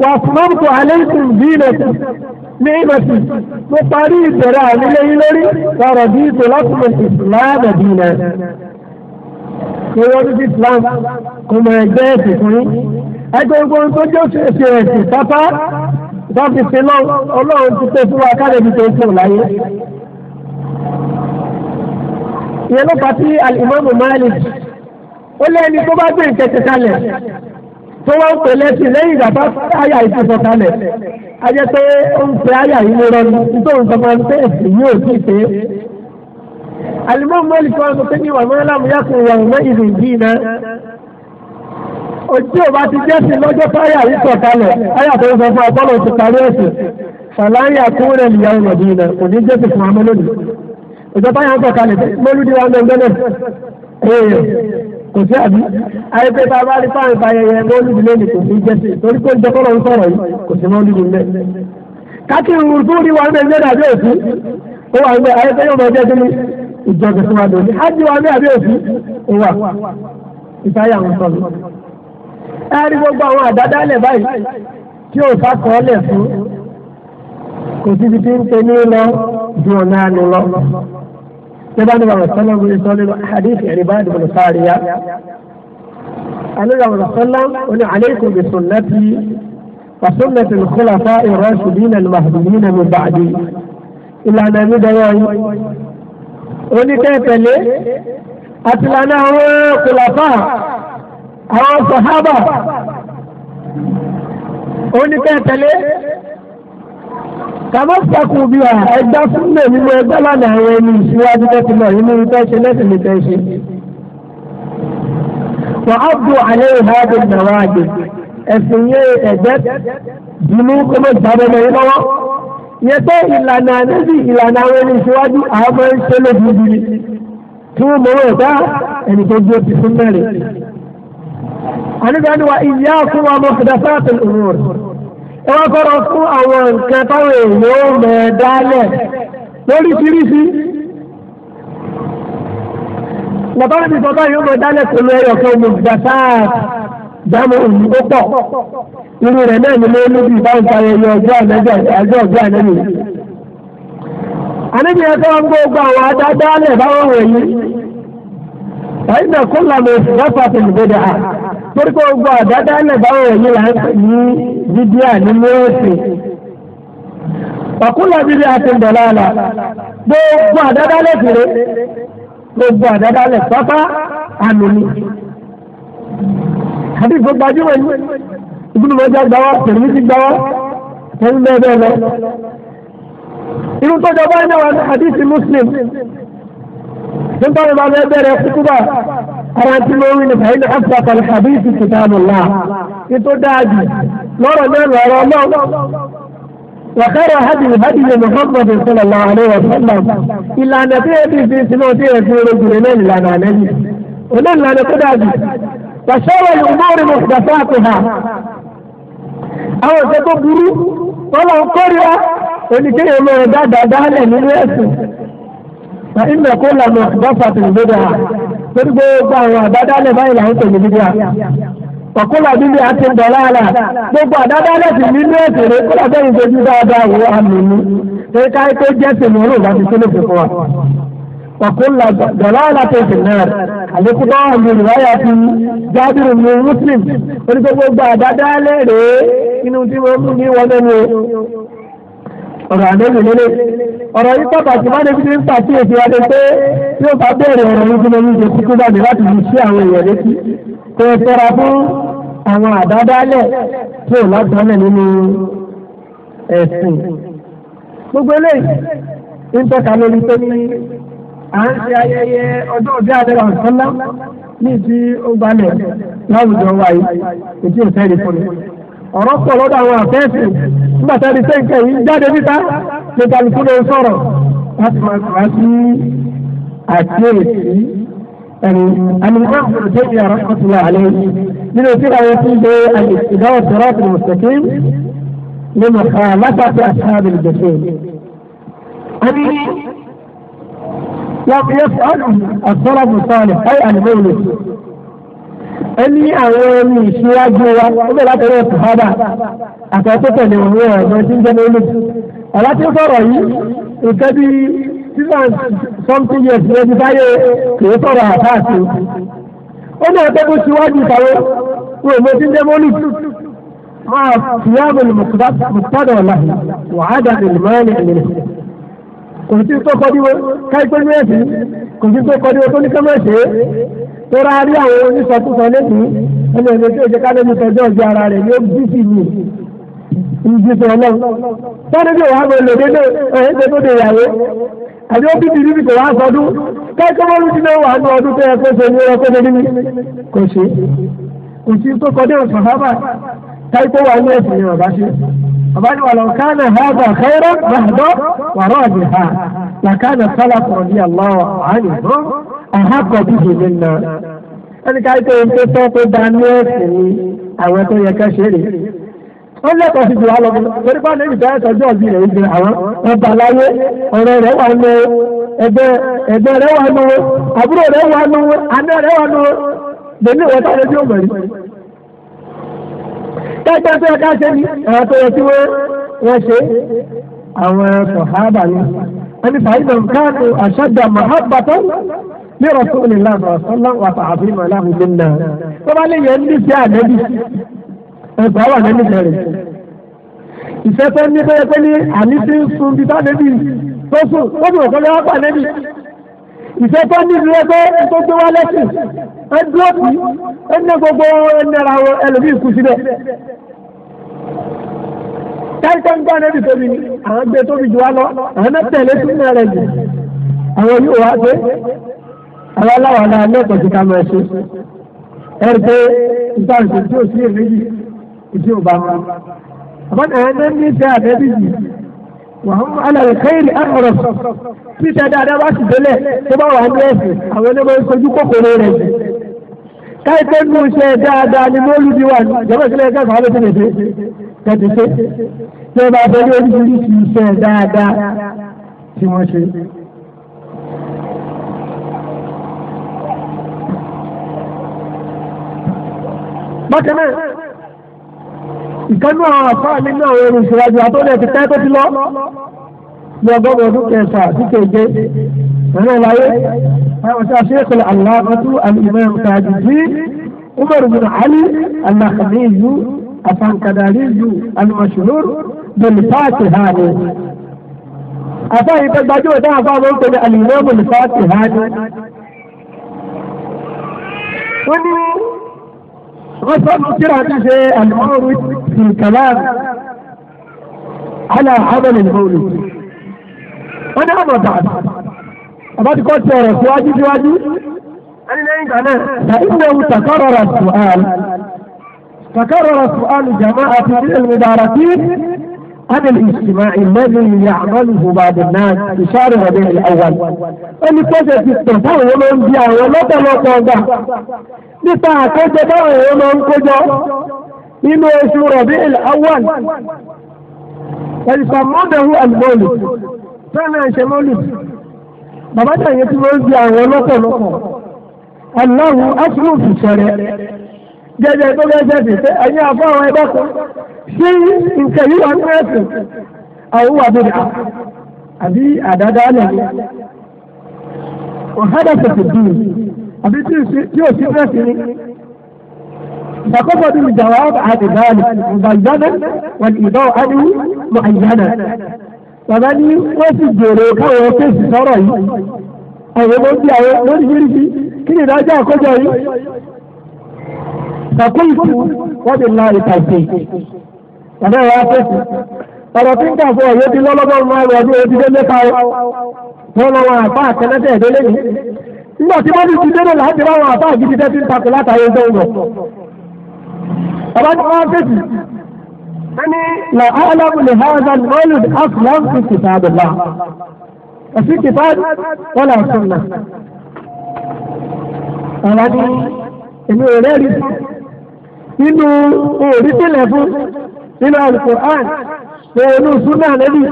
وأصممت عليكم دينكم نعمتي مقاري ترى من لوري فرضيت لكم الإسلام دينا كيوم الإسلام كما جاءت ẹgbẹ́ gbogbo tó jẹ́ òṣèṣe ẹ̀sìn pátá bá fi ṣe lọ ọlọ́run ti pé fún wa kálẹ̀bí tó ń fò láyé. ìyẹn ló fà sí alimami Malik ó lé ẹni tó bá gbé ìkẹ̀kẹ̀ kalẹ̀ tó wọ́n ń pè lẹ́sìn lẹ́yìn ìgbàgbọ́ àyà ìdí sọ̀kalẹ̀ ajẹ́ pé ó ń pe àyà yìí lọ́rọ́ ní nítorí nǹkan máa ń pè èsì yìí ò sí pé. alimọ́n mọ́lì kan sọ pé ní wàmọ́ lámú yàtọ̀ wàhùn mọ́ ìlú yìí náà. ojú ò bá ti jẹ́sìn lọ́jọ́ táyà yìí sọ̀kalẹ̀ àyà tó ń sọ fún ọpọlọ ti parí ẹ̀sìn fàlàyà kúrẹ̀ ìyàwó rẹ̀ náà kò ní jẹ́sìn fún amọ́lódì ìjọba yà ń sọ̀kalẹ̀ mọ́lúdì wa ń bẹ̀ẹ́ kò sí àbí ayẹpẹ tá a bá rí fáwọn ìfàyẹyẹ mọ́lúdì lónìí kò sí jẹ́sí torí pé ìjọkọ́rọ̀ ń sọ̀rọ̀ yìí kò sí mọ́lúdì lẹ́. kákìrì tó rí wa mẹ́rin mẹ́rin àbí òsì ó wà ń bẹ ayẹpẹ yóò máa jẹ́ kí ni ìjọba tó wà lónìí ájú wa mẹ́rin àbí òsì ó wà ìfàyà ń sọ̀rọ̀. ẹ rí gbogbo àwọn àdádálẹ̀ báyìí tí ò sá kọ́ lẹ̀ fún kò síbi tí ń pe ní lọ ju ọ̀nà àná lọ. تبان ما وسلم بن حديث عباد بن سارية أن النبي وسلم عليكم بسنتي وسنة الخلفاء الراشدين المهديين من بعدي إلا نبي دواي oníkẹ́tẹ̀lé àti lànà àwọn kùlàfà àwọn sàhábà oníkẹ́tẹ̀lé kàmá sẹ́kù bí wa ẹgbẹ́ súnlẹ̀ nínú ẹgbẹ́ lánàá àwọn ẹni ìṣíwájú tẹ́tí náà nínú ìfẹ́ ṣe lẹ́sìn lè fẹ́ ṣe. wà á bu àlẹ́ ìhàdù nàwa àgbẹ̀ ẹ̀sìn yé ẹ̀gbẹ́ dùnú kó ló jáde lọ yín lọ́wọ́. yẹn pé ìlànà ànábì ìlànà àwọn ẹni ìṣíwájú àwọn máa ń ṣe lójijì tí wọ́n mọ̀ wọ́n ẹni tó gbé ti fún mẹ́rin. àníbàánu ẹ wá kọ́rọ̀ fún àwọn nǹkan táwọn èèyàn ó mọ̀ lóríṣiríṣi. bàbá mi sọ báyìí ó mọ̀ pẹ̀lú ẹyọ kan mùgbàtà dámọ̀ òní ó pọ̀ irú rẹ̀ náà ni mo ní bí ọjọ́ àjọ ọjọ́ àníbi àwọn adádálẹ̀ báwọn wọ̀nyí. torí pé gbogbo àdáda ẹlẹ́gbàá wọ̀nyí là ń pè ní bídíà nínú ẹ̀sìn. Ọ̀kúnlá bíbí àti ìdọ̀láàlà gbogbo àdáda lẹ́sìnrẹ́ gbogbo àdáda lẹ̀ pápá àlòní. Àbí gbogbo àjúwọ̀ yìí ìbúlù mọ́jà gbáwọ́ pẹ̀lú ti gbáwọ́ pẹ̀lú bẹ́ẹ̀ bẹ́ẹ̀ lọ. Irú tó jọba ẹ̀yẹ wa ní àdìsí Mùsùlùm. Nígbà wo bá bẹ́ẹ̀ bẹ̀rẹ̀ kúkú bá ara tí ló wí ni fàyín ọ̀sẹ̀ àtàlùkàbí ti ti dáàbò là kí tó dáàbì lọ́rọ̀ náà lọ́rọ̀ náà wàkàrà hadiyu hadiyu muhammadu sallallahu alayhi wa sallam ìlànà tí yẹ ti fi sinú tí yẹ fi rẹ jùlọ náà ìlànà ànábì oní ìlànà tó dáàbì wàṣọwọ́ ni umar mustapha ti hà àwọn ìṣẹ́ tó burú wọn lọ kórìíra oníkéyèmọ̀ dáadáa dáálẹ̀ nínú ẹ̀sìn. fa inna kulla muhdathatin bid'ah torí gbogbo àwọn àdádálẹ̀ báyìí làwọn tẹ̀lé bíbíà ọ̀kúnlá bíbí àti dọ̀láàlà gbogbo àdádálẹ̀ sì nínú ẹ̀sìn rẹ̀ kúlà bẹ́yìn fojú dáadáa wo àmìnú ṣé káyé pé jẹ́ tèmi olóògbé àti sílẹ̀ fún wa ọ̀rọ̀ àlejò lélẹ̀ ọ̀rọ̀ yìí pàtàkì má lè fi ní pàkíyèsí wa ni pé tí ó bá bẹ̀rẹ̀ ọ̀rọ̀ yìí fún omi ìdòkú tó bá mi láti fi ṣe àwọn èèyàn létí tọ́ra fún àwọn àdádálẹ̀ tí ò nínú ẹ̀sìn gbogbo eléyìí ń tọ́ka lórí pé à ń ṣe ayẹyẹ ọjọ́ òbí àdẹ́rẹ́ ọ̀sán ní ti ọ̀rọ̀ pọ̀ lọ́dọ̀ àwọn àfẹ́sì nígbà tá a di sẹ́ǹkẹ́ yìí jáde níta ní kálukú ló ń sọ̀rọ̀ láti máa gbà sí àkíyèsí ẹ̀rù àlùmọ́ òjò ní ọ̀rọ̀ kan ti wà lẹ́ nínú tí àwọn tí ń lo ìdáwọ̀ tẹ̀rọ̀ àti mùsùlùmí ní mọ̀ká látàkì àṣàbì ìgbésẹ̀ ẹ ní àwọn ẹni ìṣíwájú wa ó bẹ̀rẹ̀ látọ̀rọ̀ ìfọ̀hábà àtọ̀ tó tẹ̀lé wọn ní ọ̀rọ̀ tí ń jẹ́ mọ́lù. ọ̀la tí ó sọ̀rọ̀ yìí nǹkan bí sísan something years ní ẹbí báyé kìí sọ̀rọ̀ àtàkì. ó ní ọ̀tẹ́ tó ṣíwájú ìtàwé wọn ò mọ tí ń jẹ́ mọ́lù. máa fìyàwó mùtádọ̀ ọ̀làhì wàhádà ìlúmọ́ọ́nì ìlú kò sí tó kọ́ tóra rí àwọn onísọtúnsọ lẹ́sìn ẹni ẹni tó ìjẹ ká lẹ́nu tọjọ́ ọjọ́ ara rẹ̀ yóò bí sí mi ìjì sọ lọ. sọ́ni bí wàá bẹ̀rẹ̀ lòdì ní ẹ̀yìn tó tó de ìyàwó àbí ó bíbí níbi kò wá sọdún kẹ́kọ̀ọ́ wọn ti náà wà ní ọdún tó yẹ kó ṣe ní ọkọ̀ ṣe níbi kò ṣe kò sí tó kọ́ dé ọ̀sán sábà táìpọ̀ wà ní ẹ̀sìn ni ṣe. bàbá ni wàlọ̀ kánà hábà khairan bàbá wàrọ̀ àbí làkánà sálà kọ̀ọ̀dí ọ̀há kọ̀ọ̀tù dèjì nà ẹni ká ike ike tó kó da ní ẹ̀sìn ni àwọn tó yẹ kẹ́sẹ̀ rè wọ́n lẹ́kọ̀ọ́ sí jùlọ lọ́wọ́ torí bá níbi táyà sọ́jọ́ ọ̀bí rẹ̀ ń àwọn ọba láyé ọ̀rẹ́ rẹ̀ wà nù ẹgbẹ́ ẹgbẹ́ rẹ̀ wà nù àbúrò rẹ̀ wà nù àná rẹ̀ wà nù ìwọ táwọn ẹbí tó yẹ ká ṣe ni tó yẹ ní rọ̀sùn ìlànà ọ̀sánlá wàtà àbímọ̀ aláhùn mi nà. tó bá lè yẹ ní sí ànẹ́bí ẹ̀gbọ́n wà nẹ́bí bẹ̀rẹ̀. ìfẹ́ tó ní pé pé ní àníṣe ń sun bí sánẹ́bí tó sùn ó sì wọ̀kọ́ lọ́wọ́ pa nẹ́bí. ìfẹ́ tó ní ìlú ẹgbẹ́ tó gbé wá lẹ́sìn ẹ dúró sí ẹ ní gbogbo ẹni ara ẹlòmíì kú síbẹ̀ káríkà ń gbá nẹ́bí tóbi ni àwọn gbé tóbi jù wá lọ àwọn mẹ́tẹ̀ẹ̀lẹ́ náà rẹ̀ jù àwọn yóò wá gbé àwọn aláwọ̀ náà lẹ́kọ̀ọ́ ti ká máa ṣe ẹ̀rí pé ìgbà òṣèlú tí ò sí èmi yìí ìdí ò bá wọn. àbọ̀dà ẹ̀ ní ní ìfẹ́ àbẹ́bí yìí wàhùn alàrẹ̀ kẹ́yìnì àkọ̀rọ̀ títẹ̀ dáadáa bá sì délẹ̀ tó bá wà ní ẹ̀sìn àwọn ẹlẹ́gbẹ́ ìṣojú kòkòrò rẹ̀ jù. káyipẹ́ nù iṣẹ́ dáadáa ni mo lù bí wà ní ìjọba ìṣẹ̀lẹ̀ ẹ̀ka kan lóṣù lè dé tẹ̀tí pé tí wọ́n bá fẹ́ ní oríṣiríṣi iṣẹ́ dáadáa bákan náà ìkánú àwọn àfáà nínú àwọn ẹrù ìṣèwádìí àtọ́lẹ̀ ti pẹ́ tó ti lọ ní ọgọ́rùn ọdún kẹfà sí kéje ẹ̀rọ ìláyé àwọn tí a ṣe kọlẹ̀ aláàbàtú àlùmọ́ ìmọ̀tàdì sí Umar bin Ali alakamiyu afankadariyu almashhur bilifati hali. afa yìí tẹ gbajúmọ̀ fa àwọn òkèlè alimọ́ وصل أكرة المورد في الكلام على عمل المولد أنا أما بعد أما تقول سيارة سواجي سواجي فإنه تكرر السؤال تكرر السؤال جماعة المباركين عن الاجتماع الذي يعمله بعض الناس في شهر ربيع الاول. اللي كذا في التفاهم ومن جاء ومتى ما nípa àkójọ báwọn èèyàn máa ń kójọ nínú oṣù rọ̀bí al-awwal ẹ̀sùn mọ́dẹ̀rú àgbọ̀lù fẹ́ràn ẹ̀ṣẹ̀ mọ́lù bàbá náà yẹn tí wọ́n ń di àwọn lọ́pọ̀lọpọ̀ aláwo aṣọ òṣìṣẹ́rẹ́ jẹ́jẹ́ tó bẹ́ẹ̀ jẹ́jẹ́ pé ẹ̀yin àfọwọ́ ẹgbẹ́ kan ṣé nǹkan yìí wà ní ẹ̀sìn àwọn wà bẹ̀rẹ̀ àbí àdáda lẹ̀ ọ̀hádà tẹ̀sẹ̀ bíi àbí tí ò sí dírẹ́sì ni. فقصد الجواب عن ذلك مبينا والإضاءة عنه معينا ومن وفد روحه وكيف سرعي أو يمضي أو يمضي كل راجع كجاي فقلت وبالله التوفيق أنا واقف ọ̀rọ̀ tí ń kà fún ọ̀yọ́ ti lọ́lọ́gbọ́n máa lọ bí ojú dé mẹ́ta wọn lọ́wọ́ àpá àtẹ́lẹ́tẹ̀ ìdólé mi nígbà tí wọ́n ti dé lọ́la láti báwọn àbá àgídí tẹ́tí ń takò látàrí ẹgbẹ́ ìwọ̀. bàbá tí wọ́n fèsì ẹni là álámù lè háàzà lọ́lùd áfùlám fi kìtà àbùlá òfin kìtà wọn là ń sùn náà. bàbá ní èmi ò rẹ́rì nínú òòrí sílẹ̀ fún nínú alukur'an òòlù súnà nẹ́bí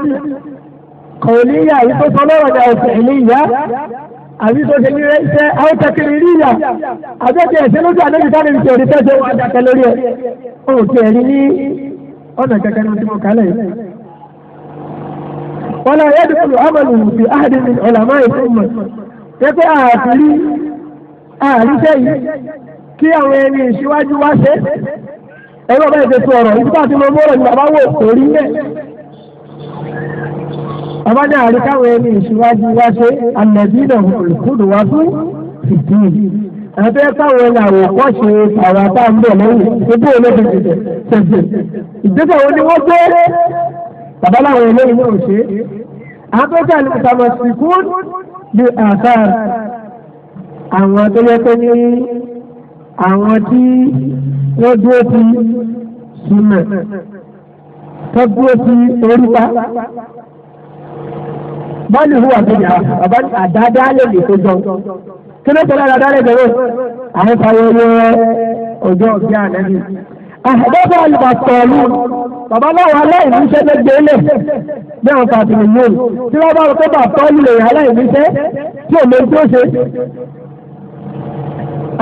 kò ní yà yí tó sọ lọ́rọ̀ àbí tó ṣe ní iṣẹ́ àwọn tẹkẹrì rí ìyà àbẹ́tẹ ẹ̀ṣẹ́ lójú àdébí sáré ní tẹ̀rí tẹ́jọ́ wọn dákẹ́ lórí ẹ̀ ó tẹ̀rí ní ọ̀nà kẹkẹ ní ojúmọ̀ kálẹ̀ yìí. wọn náà yẹ dùkú ọmọlù fi áàdì ní ọ̀làmọ́ ìfúnmọ̀ yẹ pé ààfin rí àríṣẹ́ yìí kí àwọn ẹni ìṣíwájú wá ṣe ẹgbẹ́ bá ìṣètò ọba náà rí káwọn ẹni ìṣíwájú wá ṣe ànàbí náà olùkúdù wá fún ìdí àti káwọn ẹni àwọn ọkọ ṣe àwọn àtà ń bọ̀ lẹ́yìn ebí olóògbé tẹ̀sẹ̀ ìgbésẹ̀ wo ni wọ́n gbé bàbá láwọn eléyìí náà ṣe àbẹ́jà ní ìtàmọ̀sìkú ní àtàr àwọn tó yẹ pé ní àwọn tí wọ́n dúró ti súnmọ̀ tó dúró ti orípa bọ́ọ̀lù hùwà bí nà bàbá àdáadáa lè lè tó jọ kí ló tẹ̀lé àdáadáa lè bẹ̀rẹ̀ àwọn fàyẹ̀wò ọjọ́ ọ̀gbìn ànábì. àbẹ́bẹ́ ah, àlùbàtọ̀ọ̀lù bàbá náà wà láìníṣẹ́ lẹ́gbẹ̀ẹ́ lẹ̀ bí àwọn fàtìmì yóò tí wọ́n bá rò pé bàtọ́ọ̀lù lè yà láìníṣẹ́ tí ò lè tó ṣe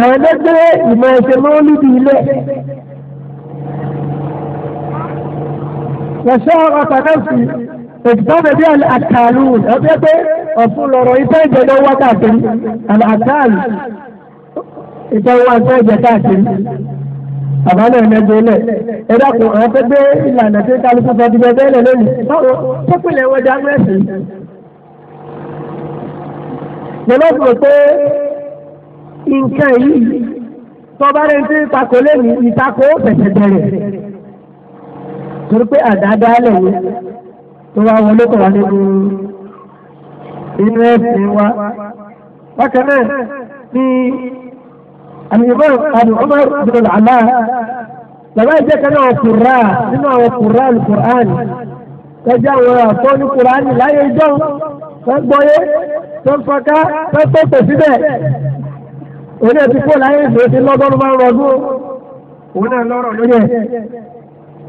àwọn ẹgbẹ́ ìmọ̀ ẹ̀sẹ̀ máa ń níbi ilé. Wọ́n ṣe ọ̀rọ̀ pàtàkì òtítọ́bẹ̀ bí àtàlù ọ̀pẹ́ pé ọ̀fun lọ̀rọ̀ iṣẹ́ ìjẹ́jọ́ wá káàkiri àtàlù iṣẹ́ wá iṣẹ́ ìjẹ́ káàkiri àbálẹ̀ ẹ̀mẹ́jọ lẹ̀ ẹ dákun àwọn fẹ́ gbé ìlànà tí kálukú sọ ti bẹ́ẹ̀ lẹ̀ lónìí tọ́pìlẹ̀ wọ́n já mẹ́sì. lọ́lọ́ fi rò pé nǹkan yìí tọ́ba rẹ̀ ń tí ìtakò lẹ́nu ìtakò fẹ̀sẹ̀ bẹ̀rẹ̀ torí pé àdáadáa lẹ̀ wọ́n tó wá wọlé kọ̀ wá nínú inú ẹ̀sìn wa. Bákan náà ní àmìyànbọ̀ àdùn ọmọ ìdúró àlá bàbá ìjẹ́ kan náà kùrá nínú àwọn kùrá alùkùránì tọ́jú àwọn àtọ́ ní kùránì láyé ìjọ tó ń gbọ́yé tó ń fọ́ká tó ń tọ́tọ̀ síbẹ̀ òun náà ti kó láyé ìfòsí lọ́gọ́rùn-ún márùn-ún ọdún òun náà lọ́rọ̀ lórí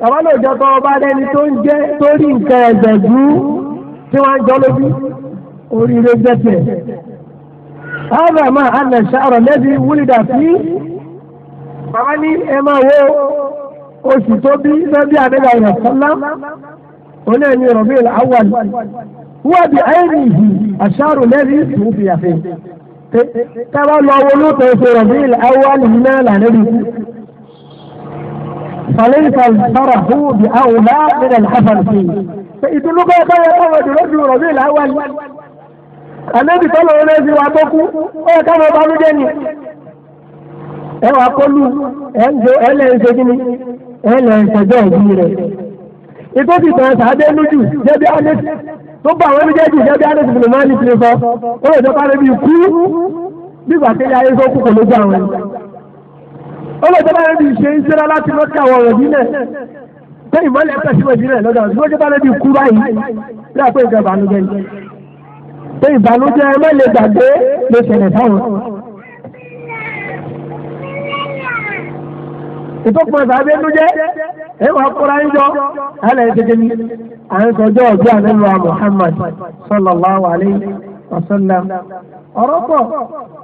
bàbá náà jọ tọ́ ọba dẹni tó ń jẹ́ tó rí nǹkan ẹ̀gbẹ̀gbú tí wọ́n ń jọ lójú oríire jẹ́tẹ̀. Ọ̀rọ̀ àmọ́ àna ṣàrọ̀ lẹ́bi wúlídà sí. Bàbá ní ẹ máa wo oṣù tó bí lẹ́bí àdéhà rẹ̀ sọ́lá. Oní ẹ̀yin rọ̀bí àwọn wọ́n bí ayélujára yìí lẹ́bi tún fi àfẹ́. Tábà lọ wo lóòótọ́ ìṣòro bí àwọn àlùmọ́ náà lànà rí. فليس الفرح بأولى من الحفل فيه فإذن بقى بقى محمد رجل ربيع الأول النبي صلى الله عليه وسلم ó ká mọ balùwẹ̀ ni ẹ wà kọlu ẹ ń jẹ ẹ lẹ ń ṣe kí ni ẹ lẹ ń ṣẹjọ ìbí rẹ ikú ti tàn sàdé lójú jẹbi anes tó bá àwọn méjèèjì jẹbi anes fún mọ́ni fún mi sọ ó lè jọ pálẹ̀ bíi kú bí bàtẹ́lẹ̀ ayé sọ kú kò lójú àwọn ẹni ọlọ́jọ́ bá lẹ́bi ṣe ń ṣẹ́ra láti mọ́tà ọ̀rọ̀ yìí náà pé ìmọ̀lẹ̀ ẹ̀ka sí wọ̀nyí náà lọ́dọ̀ àti ọjọ́ bá lẹ́bi kú báyìí bí a pé nǹkan ìbànújẹ́ yìí pé ìbànújẹ́ ẹ má lè gbàgbé lè ṣẹlẹ̀ táwọn. ìtọ́kùn ẹ̀fà bí ẹnu jẹ́ ẹ wàá kóra ń jọ alẹ́ ìṣẹ́jẹ́ ni à ń sọjọ́ ọ̀gbẹ́ àlẹ́ lọ́wọ́ Muhammad sallallahu alayhi wa ọ̀rọ̀ pọ̀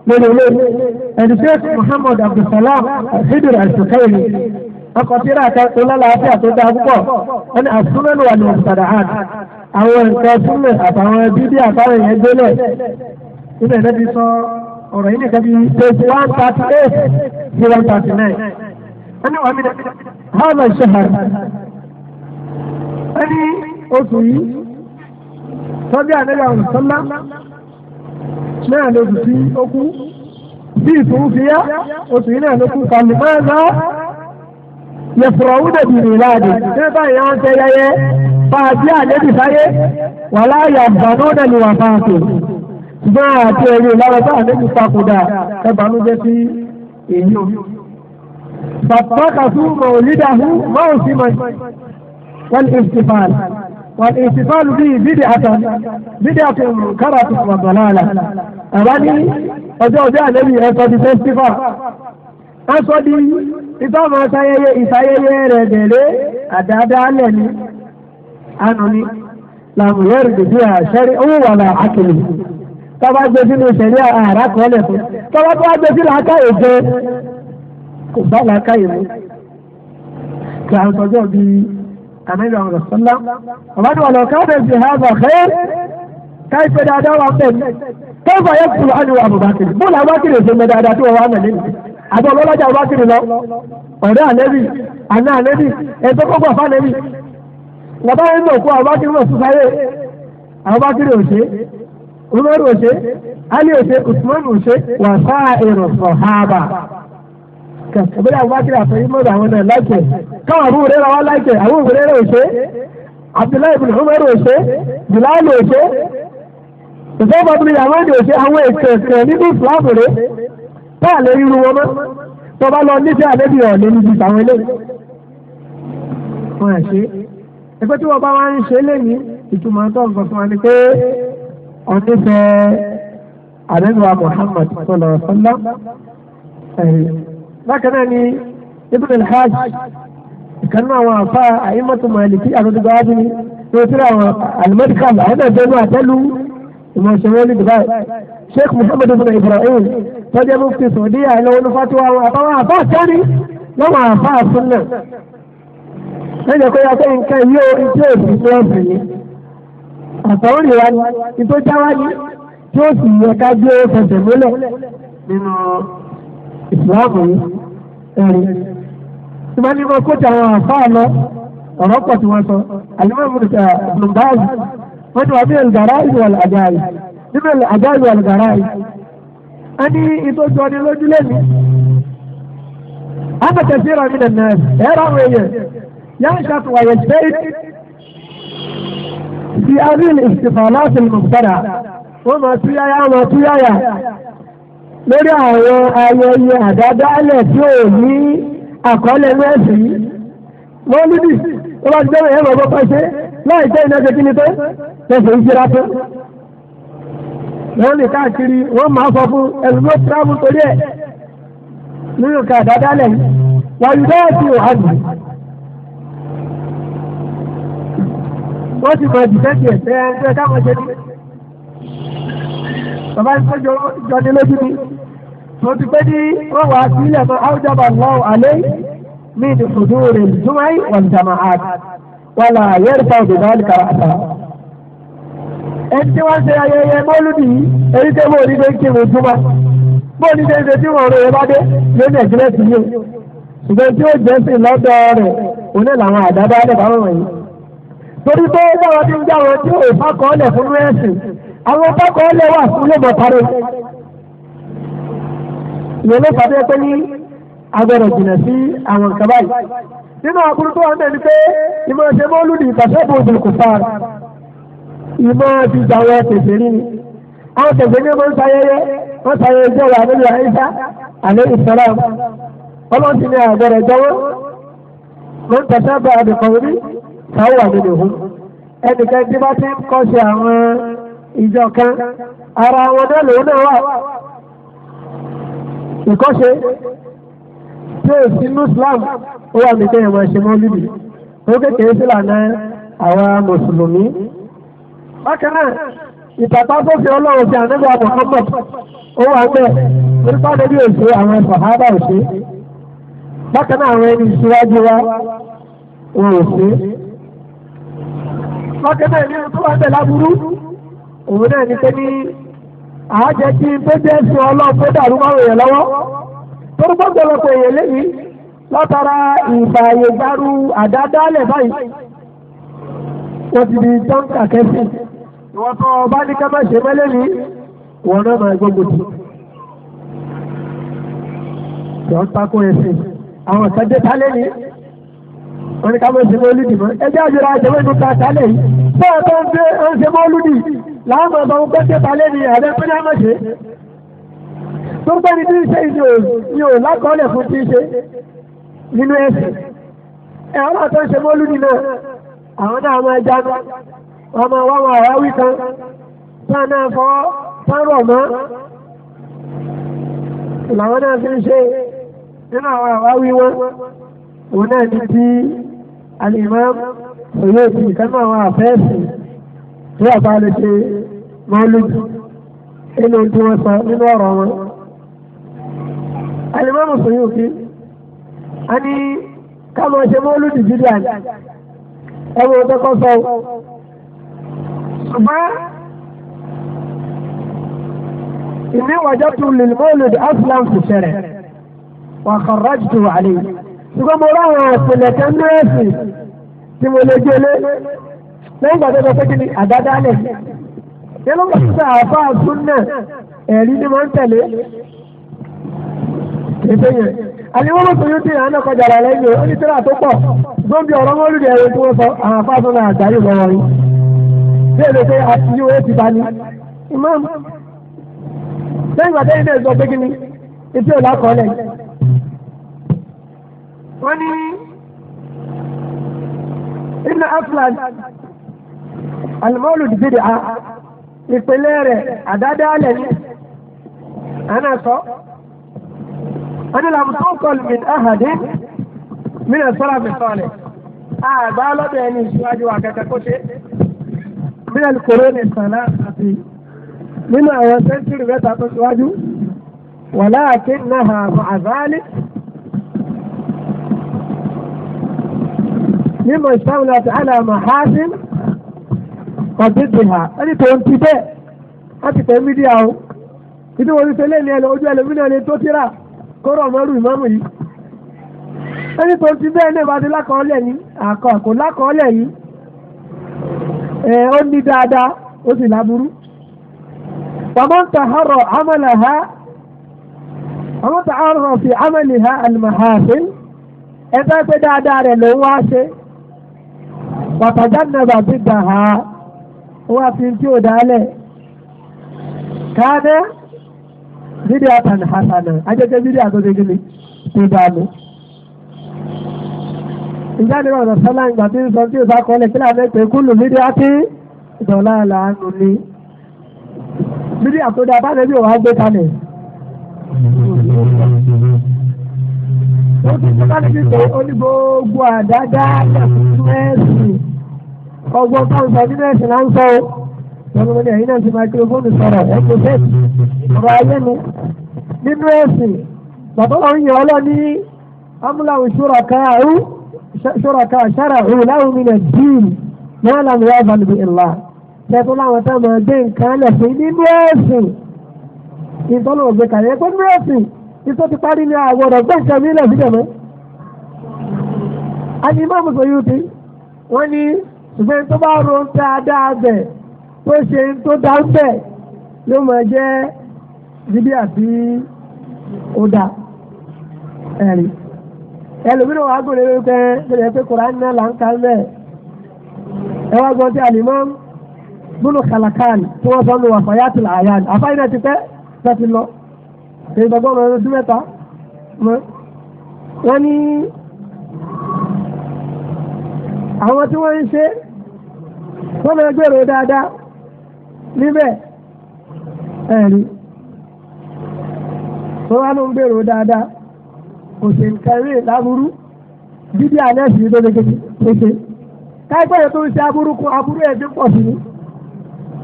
lórí olóyè ẹni sheikh muhammad abdulsalam alhidr alfukaili akọ̀tìrà àtàkùn lálàáfíà tó dáa púpọ̀ ẹni àsúnmẹ́nu wà ní ọ̀sàdà àn àwọn nǹkan súnmẹ̀ àtàwọn ẹbí bí àtàwọn èèyàn gbélẹ̀ ibẹ̀ náà ti sọ ọ̀rọ̀ yìí nìkan bíi page one thirty eight to one thirty nine ẹni wàá mi dẹ hàmà ṣehàr ẹni oṣù yìí sọ́jà nígbà ọ̀sán náà náà lóṣù tí ó kú bí ìtòun fi yá oṣù yìí náà ló kú kàlù máa lọ yẹfùrọ̀ wúdẹ̀ bìrì láàdì ṣé báyìí wọ́n tẹ yẹyẹ fàájì àlébì sáyé wà láàyà bàánú dẹ̀lú wà fáàtò ṣùgbọ́n àti ẹ̀rí ìlọ́rọ̀ bá àlébì papòdà ẹbànújẹ́ sí èyí. bàbá kàfún mọ̀ òlídàá mọ̀ òsì mọ̀ wọ́n ìfìfàlì. والاحتفال به بدعة بدعة كرهة وضلالة أبني ọjọ́ ọjọ́ àlẹ́bí ẹ̀sọ́ di festival ẹ̀sọ́ di ìtọ́mọ̀ ṣayẹyẹ ìṣayẹyẹ rẹ̀ gẹ̀lẹ́ àdáadáalẹ̀ ni ànú ni làmùyẹ́rì dèbí àṣẹ́rí owó wà là ákìlì tọ́ba gbé sínú ìṣẹ̀lẹ̀ ààrá kọ́lẹ̀ fún tọ́ba tó wá gbé ànábì àwọn ọ̀sánlá ọ̀bádù ọ̀lọ́ káàdé sí hàbà xẹ́ káìpé dáadáa wà bẹ́ẹ̀ ni kẹ́fà yẹ kúrò ánìwò àbùbákiri bóòlù àbùbákiri èso mẹ́ dáadáa tó wà mẹ́lẹ́ nìyí àti ọlọ́lájà àbùbákiri lọ ọ̀rẹ́ ànẹ́bì àná ànẹ́bì ẹ̀tọ́ kọ́kọ́ àfa ànẹ́bì bàbá yẹn lọ kó àbùbákiri lọ sísáyé àbùbákiri òṣè Umaru òṣè Ali òṣè Usman òṣè wàsáà èrò sọ̀háàbà kan ìbílẹ̀ abubakar àtẹ̀yìn mọ́tò àwọn náà láìpẹ́ káwọn àbúrò rẹ̀ wá láìpẹ́ àwọn òbí rẹ̀ ò ṣe abdullahi ibn umar ò ṣe bilal ò ṣe ìfọwọ́pọ̀ tó ní àwọn èdè ò ṣe àwọn èkèké nínú islam rẹ̀ táà lè rí irú wọn mọ́ tó bá lọ níṣẹ́ àlébí ọ̀lẹ́ níbi àwọn eléyìí. wọ́n ṣe ẹgbẹ́ tí wọ́n bá wá ń ṣe léyìí ìtumọ̀ tó ń sọ fún wa ni pé ọ̀nífẹ̀ẹ́ àdéhùn wa Muhammad sọlọ sọlá ẹ̀yìn bákan náà ni ibn al-hajj ìkànnì àwọn àfa àyímọ́tò màlìkí àtọ́dúgba wájú ni wọ́n ti rí àwọn alimẹ́díkàlì àwọn náà dẹnu àtẹ́lu ìmọ̀ọ́sẹ̀wọ́n ní dubai sheikh muhammad ibn ibrahim tọ́jú mufti saudiya ìlọ́wọ́ ní fatiwa àwọn àbáwọn àfa àtẹ́ni lọ́wọ́ àfa àfúnná lẹ́yìn ẹ̀kọ́ yàtọ̀ nǹkan yóò iṣẹ́ òfin tó ọ̀sìn ni àtọ̀rọ̀ ìwà ni ìtọ́jáwá ni tí ó sì yẹ ká gbé fẹsẹ̀ múlẹ̀ nínú ìsìláàmù ẹ̀rí tí wọ́n ní wọ́n kójú àwọn àfáà lọ ọ̀rọ̀ pọ̀ tí wọ́n sọ alimọ́mùdùkà bùnbáàzì wọ́n ti wà ní ẹ̀lgàrá ìwà àjáyì nínú àjá ìwà ẹ̀lgàrá yìí a ní ìtọ́jú ọdún lójú lẹ́nu a kẹ̀kẹ́ sí ìrọ̀ mi nà ẹ̀rọ àwọn èèyàn yá ń ṣàtúwàyẹ̀ sẹ́yìn fi àrí ìsìnkà láti mọ̀ wọ́n máa túyáyá lórí àwọn ayẹyẹ àdádálẹ̀ tí ò ní àkọọ́lẹ̀ mẹ́sì mọ́lúdì tó bá ti dẹ́rù ẹ̀rọ ọgbọ́n pàṣẹ láì jẹ́ iná kékeré tó lọ́sọ̀ ìṣẹ́ra tó. wọ́n lè káàkiri wọ́n máa fọ fún ẹ̀sùn tíráàmù torí ẹ̀ nínú àdádálẹ̀ wàyí bẹ́ẹ̀ ti wà wọ́n ti mọ̀ jù bàbá ìfẹ́jọ ìjọni lójú ni tó ti pé ní wọ́n wà á sí ilẹ̀ mọ́ áwùjábà lọ́wọ́ àlẹ́ mí ní fòdú rẹ̀ jùmáì wọ̀n jàmà á wà là yẹ́rì fáwọn òbí náà kàrà àtà. ẹni tí wọ́n ṣe ayẹyẹ mọ́lúdì yìí èyí tẹ́ wọ́n rí lóyún kírun jùmọ̀ bóun ní ṣe tí wọ́n rẹ̀ yẹn bá dé lónìí ẹ̀jẹ̀ ti yé ṣùgbọ́n tí ó jẹ́ sí lọ́dọ̀ rẹ̀ òun làwọn àdábá lẹ́bàá wọ̀nyí torí pé báwọn ti ń jáwọ́ tí ò àwọn ọkọ̀ ọlẹ́ wà fún lóògbé parí. ìyẹn ló fàdé pé ní agbẹ̀rẹ̀ jìnà sí àwọn nǹkan báyìí. nínú àbúrú tó wà ń bẹ̀ ni pé ìmọ̀ ṣe mọ́ lùdì ìtàṣẹ́bù òjò kò fà rà. ìmọ̀ ti jà wọ tètè rí ni. àwọn tètè ní ọmọ ń sayẹyẹ wọ́n sayẹyẹ jẹ́ wà nínú àyíká àlẹ́ ìsọ̀rọ̀ ọlọ́run ti ní àgbẹ̀rẹ̀ jọwọ́ lóun tẹ̀sẹ̀ bá àdìkọ̀ orí sáwọ́ wà nínú òun ẹnìkan tí bá ti ń kọ́ ṣe àwọn ìjọ kan ara wọn náà lòun náà wà ìkọ́ṣe tí ò sí inú Islam ó wà ní kéèyàn máa ṣe mọ́lìbì ó kékeré sí lànà àwọn mùsùlùmí. bákan náà ìtàpá sófin ọlọ́run ti ànágbà Muhammad ó wà bẹ́ẹ̀ nípa débi òṣè àwọn sàhábà òṣè bákan náà àwọn ẹni ìṣíwájú wa wọn ò ṣe. bákan náà ní ọdún wa bẹ̀ láburú òun náà ní pé ní àájẹ tí tó jẹ́ sí ọlọ́run tó dàrú máa rèé lọ́wọ́ torí gbọ́dọ̀lọpọ̀ èèyàn lẹ́yìn látara ìgbàyègbárú àdádálẹ̀ báyìí wọ́n ti di tọ́ǹkà kẹfì wọ́n tọ́ ọba ní ká má ṣe mẹ́lẹ́ ní wọ́n náà máa gbógun tì. wọ́n tako ẹ̀sìn àwọn kan dé tálẹ́ ní wọ́n ní ká má ṣe mọ́lúdì mọ́ ẹjẹ́ àjọyọ̀ àjẹmọ́ ìlú ká tálẹ̀ yìí bẹ́ẹ̀ tó ń ṣe mọ́lúdì láàmú ọmọ wọn pẹ́sẹ́ balẹ̀ ni àbẹ́ pínlẹ̀ mọ̀ṣẹ́ tó pẹ́ ní tí ń ṣe ìṣe ni ò lákọọ́lẹ̀ fún tí ń ṣe nínú ẹ̀sìn ẹ̀ ọlọ́ tó ń ṣe mọ́lú nínú àwọn náà máa jáde ọmọ wọn wọn àwáwí kan táà náà fọwọ́ táà rọ̀ mọ́ làwọn náà fi ń ṣe nínú àwọn àwáwí wọn òun náà ní bí alìmọ́ òye òtún ìkánú àwọn àfẹ́ẹ̀sìn ní àbálẹ ṣe mọ́lúdì nínú tí wọ́n sọ nínú ọ̀rọ̀ wọn. àyẹ̀mọ́ mùsùlùmí òfin a ní ká máa ṣe mọ́lúdì jíjẹ àná ẹ̀wọ̀n ọ̀tọ́ kan sọ ṣùgbọ́n ìní wàjọ́tù lèmọ́lùdì aslam fi ṣẹlẹ̀ wà kọ̀rọ̀jù àlè ṣùgbọ́n mo ráwọn àpilẹ̀kẹ́ ní ẹ̀sìn tí mo lè gbélé lẹ́yìn ìgbà tó sọ pé kí ni àdádálẹ̀ yẹn ló ń àáfàá súnà ẹ̀rí ni wọ́n ń tẹ̀lé yẹn àníwọ́n mọ̀ sọ́yún tí kọjá rà lẹ́yìn tíra tó pọ̀ ọ̀rọ̀ mọ́ ẹ̀rọ tí wọ́n sọ àáfàá súnà lọ́wọ́ yìí bí èdè bá ní lẹ́yìn ìgbà tẹ́yìn náà sọ pé kí ni wọ́n ní alimọ́ọ̀lù dìbìdì a ìpínlẹ̀ rẹ̀ àdádálẹ̀ ní ànàsọ́ anilamtọ́kọ̀lù min ahadi min asọ́ra mi sọ́ọ̀lẹ̀ àgbà lọ́dọ̀ ẹni ìṣíwájú àkẹ́kẹ́ kó ṣe min alukoro ní sàlá àti nínú àwọn sẹ́ńtúrì mẹ́ta tó ṣíwájú wàláàkín náà àbáálí. مما اشتملت على محاسن kọ̀dídì hà ẹni tó ń ti bẹ́ẹ̀ wọ́n ti pè é mídíà o ìdí wo ni tẹ́lẹ̀ ní ẹlẹ́ ojú ẹlòmínà ni tó tíra kóró ọmọrú ìmọ̀mù yìí ẹni tó ń ti bẹ́ẹ̀ náà bá ti lákọọ́lẹ̀ yìí àkọ́ kò lákọọ́lẹ̀ yìí ẹ̀ ó ní dáadáa ó sì láburú. wàmọ́ntà harọ̀ fi amọ̀lẹ̀ ha àlùmọ̀hàfin ẹ̀ fẹ́ pé dáadáa rẹ̀ ló ń wá ṣe wàtàjà nàbà ti dà ha wá fi tí ò dálẹ̀ káná bídí àtàlẹ̀ àtàlẹ̀ ajẹ́jẹ́ bídí àtọ́jẹ́gẹ́lẹ̀ tó dáa lọ. ìjáde ọ̀nà sọ́lá ìgbà tí ń sọ tí ò bá kọ́lẹ̀ kí láàmú ẹ̀pẹ́ kúlù bídí àti ìdọ̀lá làánú ni. bídí àtọ́jẹ́ abájẹ́ bí òun á gbé kalẹ̀. ó ti sọ́lá ní gbogbo àdáadáa yàtọ̀ mẹ́sìn ọgbọ́n tó ń sọ nínú ẹ̀sìn náà ń sọ o lọ́nà lórí ẹ̀yin náà ti máikrófóònù sọ̀rọ̀ ẹ̀kọ́ sẹ́ẹ̀tì ọ̀rọ̀ ayé mi nínú ẹ̀sìn bàbá wọn yàn ọ́ lọ ní amúláwù ṣúrọ̀ká àrú ṣúrọ̀ká ṣára àrú láwù mi nà díìlì náà làwọn yà bá níbi ìlà tẹ́tọ́ láwọn tá máa gbé nǹkan lẹ̀ fún nínú ẹ̀sìn ìtọ́nà ògbé kàyẹ́ pé nínú ẹ̀sìn ìtọ́ ti parí ní àwọ̀dọ̀ gbé mi lẹ̀ síbẹ̀ mọ́ ṣùgbọ́n tó bá ro ń dáadáa bẹ̀ tó ṣe ń tó dá ń bẹ̀ ló máa jẹ́ bíbí àbí ọ̀dà ẹ̀rí ẹlòmíràn wàá gòlè lórí pé bẹ̀rẹ̀ pé Kùránì náà là ń ka mẹ́ ẹ wá gbọ́n tí àlìmọ́ múlò kàlàkàlì tí wọ́n sọ nù àfàyàtì àyàn àfàyè náà ti pẹ́ náà ti lọ èyí tó gbọ́n lọ́dún sí mẹ́ta mọ́ wọ́n ní àwọn tí wọ́n ń ṣe wọ́n máa gbèrò dáadáa níbẹ̀ ẹ̀rí tó wá ló ń gbèrò dáadáa kò sì ń kẹrí láburú dídí tó lè káìpẹ́ yẹn tó ń ṣe aburú kun aburú ẹ̀ ti pọ̀ sí ni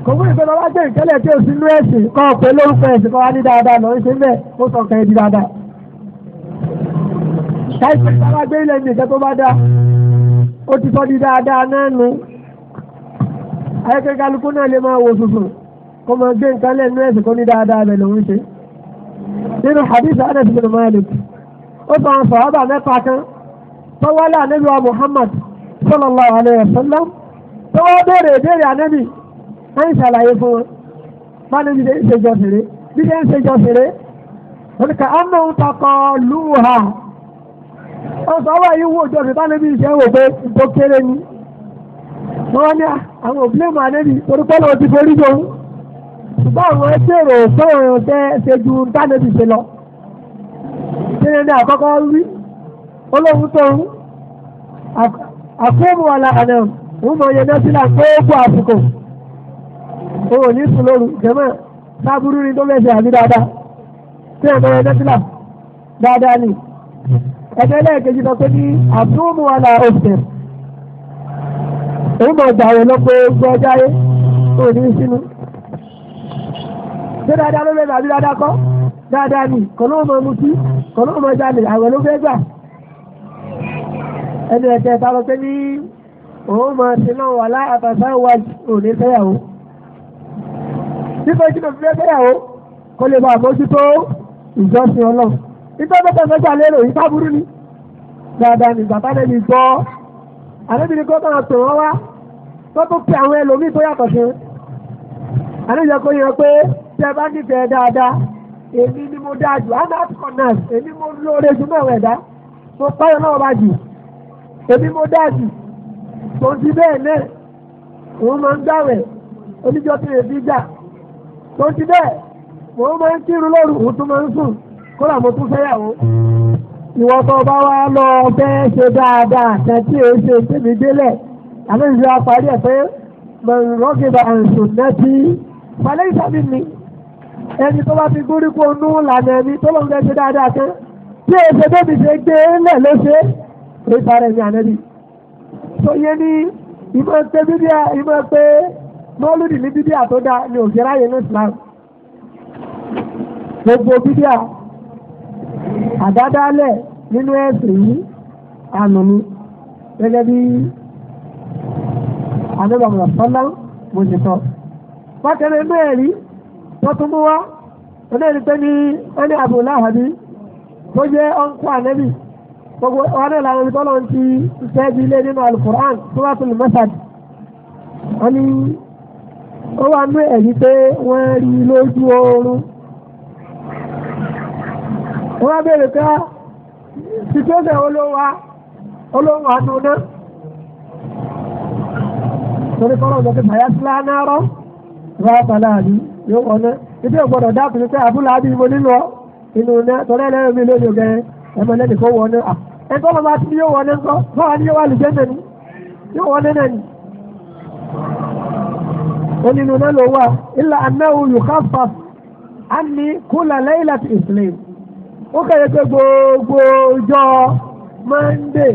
kò fún gbé ìkẹ́lẹ̀ tí ẹ̀sìn kọ́ pé lórúkọ ẹ̀sìn kọ́ wá ní dáadáa lọ́wọ́ ṣe ó sọ kẹ́ di dáadáa káìpẹ́ gbé ayẹ́kẹ́ kálukú náà lè máa wo funfun kó máa gbé nǹkan lẹ́nu ẹ̀sìn kó ní dáadáa bẹ̀ lòún ṣe. nínú hadith Anas bin Malik ó sọ àwọn sọ̀rọ̀bà mẹ́ta kan tọ́wọ́lá ànábì wa Muhammad sallallahu alayhi wa sallam tọ́wọ́ béèrè béèrè ànábì ń ṣàlàyé fún wọn bá níbi ṣe ń ṣe bí ṣe ń ṣe wọn kà á mọ̀ ń takọ̀ wọ́n ní àwọn òbílẹ̀mù anẹ́bí orúkọ́lọ́ ti forí jọ ṣùgbọ́n àwọn ẹgbẹ́rò fẹ́ràn tẹ́ ṣe ju dánẹ́bí ṣe lọ. kíni ní àkọ́kọ́ rí olóhùn tó ń àkóhùn àlàkànà ń mọ iye náà sílà gbogbo àsìkò òun ní sùn lóru jẹ́mọ́ sábúrú ni tó fẹ́ àbí dáadáa tí ẹ̀mọ́ iye náà sílà dáadáa ni lẹ́ẹ̀kejì pé ní àkóhùn òfin òun máa gbà rẹ̀ lọ́pọ̀ ogun ọjà yé tó ní sínú. ṣé dáadáa ló bẹ̀rẹ̀ àbí dáadáa kọ́ dáadáa ni kọ́nà ọmọ mutí kọ́nà ọmọ jalè àwẹ̀ ló fẹ́ gbà. ẹni ẹ̀tẹ̀ ta lọ pé ní òun máa ṣe náà wà láì àtàṣà wà òní fẹ́yàwó. nípa ìṣúná fi fẹ́yàwó kó lè bá àmójútó ìjọsìn ọlọ́run. ìtọ́jú tẹ̀sán gbà lérò ìfáburú ni dáadáa ni bàbá àdébìnrin kọ́ kọ́ tó wọ́n wá tó tó pe àwọn ẹlòmíì tó yàtọ̀ sí. àdébìnrin yẹn pé tí ẹ bá nífẹ̀ẹ́ dáadáa èmi ni mo dáa jù èmi mo lóore jù ẹ̀dá mo páyọ̀ náà jù èmi mo dáa jù ti bẹ́ẹ̀ náà òun máa ń gbàwẹ̀ oníjọ́ tó yẹ fi gbà mo máa ń kírun lóru ìwọ tó bá wá lọ bẹ́ẹ̀ ṣe dáadáa àtàtì èṣe síbi délẹ̀ àbẹ̀sí apárí ẹ̀ pé mọ̀rọ́gìbà ẹ̀sùn nẹ́tí falẹ́ ìsàmì mi ẹni tó bá fi gúrí kó nú lànà ẹni tó lọ́n fẹ́ ṣe dáadáa kan tí èṣe tóbi ṣe gbé lẹ̀ ló ṣe rí parẹ́ ní ànẹ́bí. tó yẹ ní ìmọ̀ pé bíbíà ìmọ̀ pé mọ́lúdì ní bíbíà tó dáa ni òṣèré ayé ní Islam gbogbo bíbíà àdádálẹ̀ nínú ẹ̀sìn yìí àmì ni gẹ́gẹ́ bí àdébàmọ̀ sọ́lá mo sì sọ. pákẹ́lẹ́ bẹ́ẹ̀ rí tó tún mú wá olóòrí pé ní wọ́n ní Abu Lahabi tó jẹ́ ọ̀nkú ànẹ́bì gbogbo wọn náà làwọn olùkọ́ lọ́n ti ṣẹ́ẹ́bí ilé nínú alukur'an suratul masad wọ́n ní ó wà nú ẹ̀rí pé wọ́n rí lójú oorun wọ́n á bèèrè ká ah, situation olówó olówó àdúná torí kọ́rọ̀ ọ̀gbọ̀n pípa yásílá náà rọ́ ráàpá láàbí yóò wọ́n náà ibi ògbọ́dọ̀ dáàbò pé àbúlà bí ibo nílò inú náà torí ẹlẹ́rìí mi lórí ọ̀gẹ́ ẹ̀mọ́ lẹ́nu kó wọ́n náà ẹ̀kọ́ bàbá tí yóò wọ́n náà ń kọ́ báwa ni yóò wà lùjẹ́ náà ni ó kéré pé gbogbo ọjọ́ Monday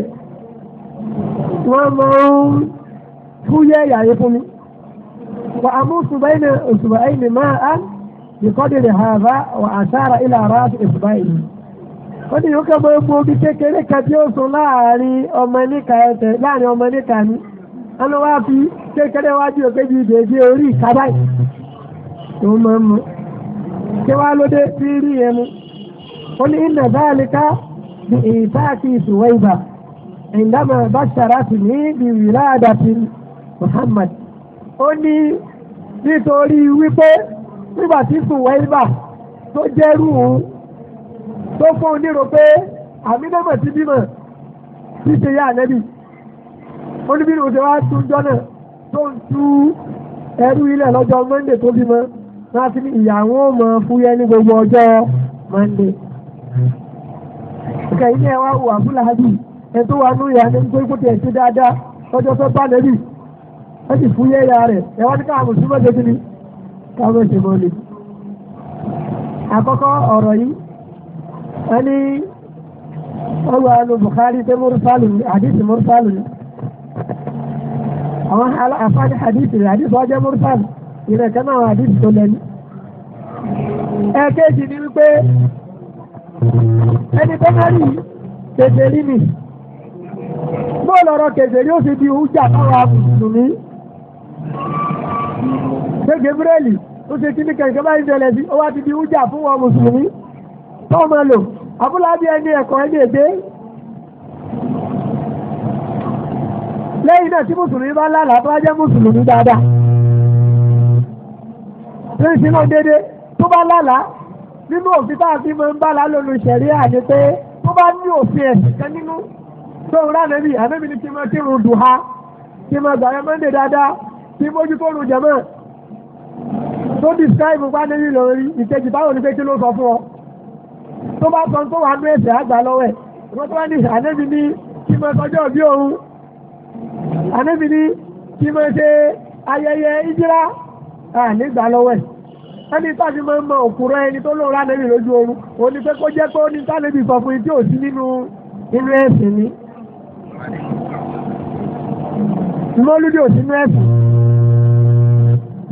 wọ́n máa ń fúyẹ́ yàrá fún mi. wà á mú ṣùgbọ́n ẹni ṣùgbọ́n ẹni máa á ìkọ́dìrì hàbá wà á sára ilà ara ṣùgbọ́n ẹni. ó ní ìwọ́n kẹ́mọ́ epo omi kékeré kan tí ó ọmọ níka ọmọ níka ni. wọ́n wá fi kékeré wájú orí tó máa ń kí wàá lóde sí rí yẹn ó ní inna dhalika bí ìfáàkì Suwayba indama basharatni bí wiladati Muhammad ó ní nítorí wípé nígbà tí Suwayba tó jẹ́rù òun tó fún un nírò pé àmì dẹ́mọ̀ ti bímọ ṣíṣe yá ànẹ́bì ó ní bí ìròyìn wá tún jọ́nà tó ń tú ẹrú ilẹ̀ lọ́jọ́ Monday tó bímọ láti ní ìyàwó ọmọ fúyẹ́ ní gbogbo ọjọ́ Monday ìkà ilé ẹ wá wò àbúláhàbì ẹ tó wà ní ìyá ní nítorí kó tiẹ̀ ṣe dáadáa lọ́jọ́ tó bá lẹ́bì ẹ sì fún yẹ́yà rẹ̀ ẹ wá ní káwọn mùsùlùmọ́ ṣe kíni káwọn ṣe mọ́ lè. àkọ́kọ́ ọ̀rọ̀ yìí wọ́n ní ọgbà àlọ́ Bukhari pé mùrùsálù ni àdìsí mùrùsálù ni àwọn afáàdì àdìsí rẹ̀ àdìsí wọ́n jẹ́ mùrùsálù ìrẹ̀kẹ́ náà àdìsí tó lẹ́nu. ẹ̀ẹ́kejì ni wípé ẹni tó máa rí kèfèrí ni bó lọ́rọ̀ ó sì di ìjà fáwọn amùsùlùmí ṣé Gabriel ó ṣe kíní kẹ̀kẹ́ báyìí ṣẹlẹ̀ sí ó wá ti di ìjà fún wọn mùsùlùmí tó máa lò abúlábí ẹni ẹ̀kọ́ ẹni èdè lẹ́yìn náà tí mùsùlùmí bá lálàá tó wá jẹ́ mùsùlùmí dáadáa tó ń sinú déédéé tó nínú òfin tá a fi máa ń bá la lónìí ṣẹ̀ríà ni pé tó bá ní òfin ẹ̀sìn kan nínú tó ń rán ẹ̀mí ẹ̀mí ni kí n máa kírun dùn ha kí n máa gbàgbé mọ́ndé dáadáa kí n mójú tó rùn jẹ̀mọ́ tó describe bá níbi lórí ìkejì báwo ni pé kí ló sọ fún ọ tó bá sọ tó wà ní ẹsẹ̀ àgbà lọ́wọ́ ẹ̀ wọ́n tó wá ní ànẹ́bí ní kí máa tọjọ́ bí òun ànẹ́bí ní kí máa ṣe ayẹyẹ ìjírá ànígbà lọ́wọ́ ẹ̀ ẹni táàbí máa ń mọ òkúrọ ẹni tó lóun ránẹ́bì lójú oorun òun ni pé kó jẹ́ pé ó ní tánẹ́bì sọ fún yín tí ò sí nínú inú ẹ̀sìn ni. ìmọ̀lúdì ò sí nínú ẹ̀sìn.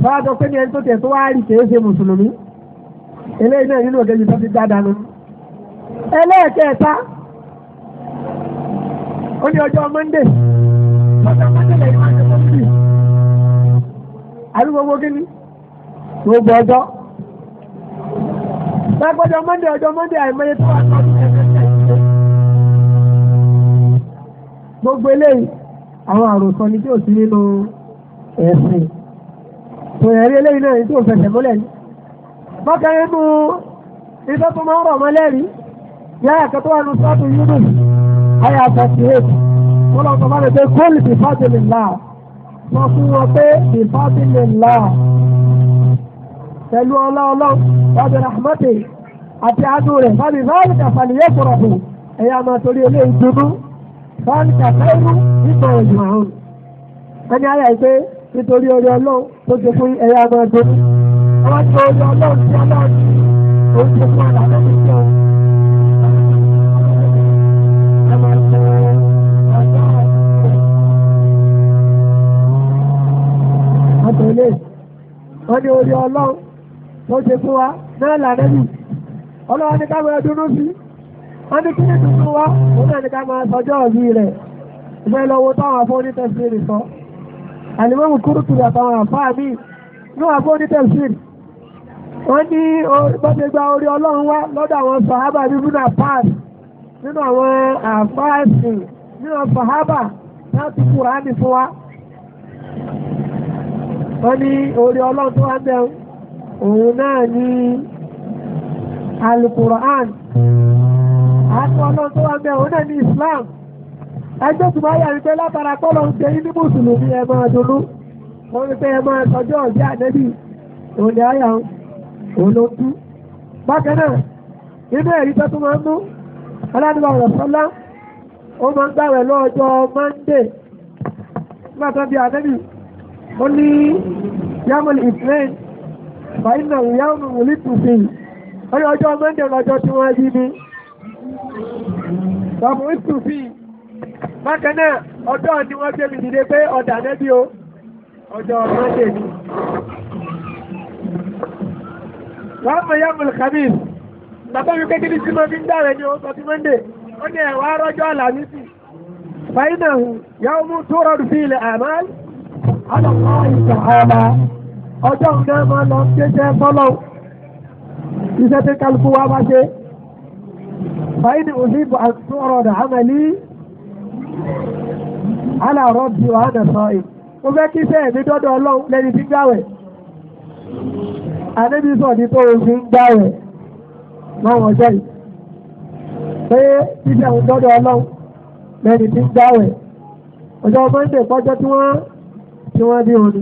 báwa sọ pé ní ẹni tó tẹ̀ tó wá rí kèé ṣe mùsùlùmí eléyìí náà nínú òkèjì tó ti dá dànù. ẹlẹ́ẹ̀kẹta ó ní ọjọ́ Monday ọjọ́ Monday gbogbo kí ni gbogbo ọjọ́. lágbọ́dọ̀ mọ́ndé ọjọ́ mọ́ndé àìmọye tó wà lọ́dún ẹ̀ẹ́dẹ́gbẹ̀ẹ́ gbogbo eléyìí àwọn àròsọ ni tí ò sí nínú ẹ̀sìn tòyẹ̀rí eléyìí náà ni tí ò fẹsẹ̀ múlẹ̀ ní. bákan nínú iṣẹ́ tó máa ń rọ̀ mọ́lẹ́rìí yára kan tó wà nínú sọ́ọ̀tù Yunus ayé àtàkì èkó wọ́n lọ́ọ́ sọ fún mi pé kóòlù bìfáàdìlì ńlá sọ fún wọn pé bìfáàdìlì ńlá pẹ̀lú ọlá ọlọ́run wàbí rahmatu àti adùn rẹ̀ fàbí fáwọn kàfàlì yẹ kọ̀rọ̀ fún ẹ̀yà máa torí eléyìí dúdú fáwọn kàfàlì nípa ọ̀jọ̀ àwọn. ẹni ayà yìí pé nítorí orí ọlọ́run tó ṣe fún ẹ̀yà máa dúdú. wọ́n tó orí ọlọ́run tí ọlọ́run ó ṣe fún àlàyé nípa ọ̀jọ̀. wọ́n ní orí ọlọ́run tó ṣe fún wa náà lànẹ́bì ọlọ́wọ́ ní káwọn ẹdúnú sí wọ́n ní kí ní dùnú wa òun náà ní káwọn sọjọ́ ọ̀bí rẹ̀ ìfẹ́ lọ́wọ́ táwọn afọ́ ní tẹ̀síìrì sọ àlìmọ́mù kúrúkúrú àtàwọn àfáà mi ní wọ́n afọ́ ní tẹ̀síìrì wọ́n ní bọ́dé gba orí ọlọ́run wá lọ́dọ̀ àwọn sàhábà bíbí náà pass nínú àwọn àfáàsì nínú sàhábà láti kúrò á nì fún wa wọ́n ní orí ọlọ́run tó wá ń bẹ̀rù òun náà ní alukur'an àti ọlọ́run tó wá bẹ́ẹ̀ òun náà ní islam ẹjọ́ tó bá yàrí pé látara pọ́lọ̀ ń ṣe ní mùsùlùmí ẹ máa dunú wọ́n ní pé ẹ máa sọjọ́ ọ̀bí àdẹ́bì òun ni àyà òun ló kú bákan náà nínú ẹ̀rí tó tún máa ń mú aládùúgbò ọ̀rọ̀ sọ́lá ó máa ń gbàwẹ̀ lọ́jọ́ mọ́ndé nígbà tó ó ní yamul islam fàínà ìyá òmù wùlítù sí ọyọ ọjọ́ mẹ́ndẹ̀ lọ́jọ́ tí wọ́n yí ní ọmọ ìtù sí mákànnà ọjọ́ ni wọ́n gbé mi dìde pé ọ̀dà nẹ́bí o ọjọ́ mẹ́ndẹ̀ ni wọ́n mọ̀ yá mùlùkàmí bàbá mi kékeré tí mo fi ń dáre ni ó sọ ti mẹ́ndẹ̀ ó ní ẹ̀wà rọ́jọ́ àlàmísì fàínà ìyá òmù tó rọrùn sí ilẹ̀ àmàl Alọ́kọ́ ìtàhálà ọjọ́ nǹkan máa lọ jẹ́jẹ́ bọ́lọ́ iṣẹ́ tí kálukú wa máa ṣe fàyín ní òṣìbò àti ọ̀rọ̀ ọ̀dà àmàlí aláàrọ̀ bí wàá nà sọ ẹ̀ mo fẹ́ kí sẹ́ẹ̀ mi dọ́dọ̀ ọlọ́run lẹ́ni tí gbàwẹ̀ àdébí sọ̀ ní tó o fi ń gbàwẹ̀ láwọn ọjọ́ yìí pé títẹ̀ ń dọ́dọ̀ ọlọ́run lẹ́ni tí gbàwẹ̀ ọjọ́ mọ́ndé kọjọ́ tí wọ́n tí wọ́n bí òní.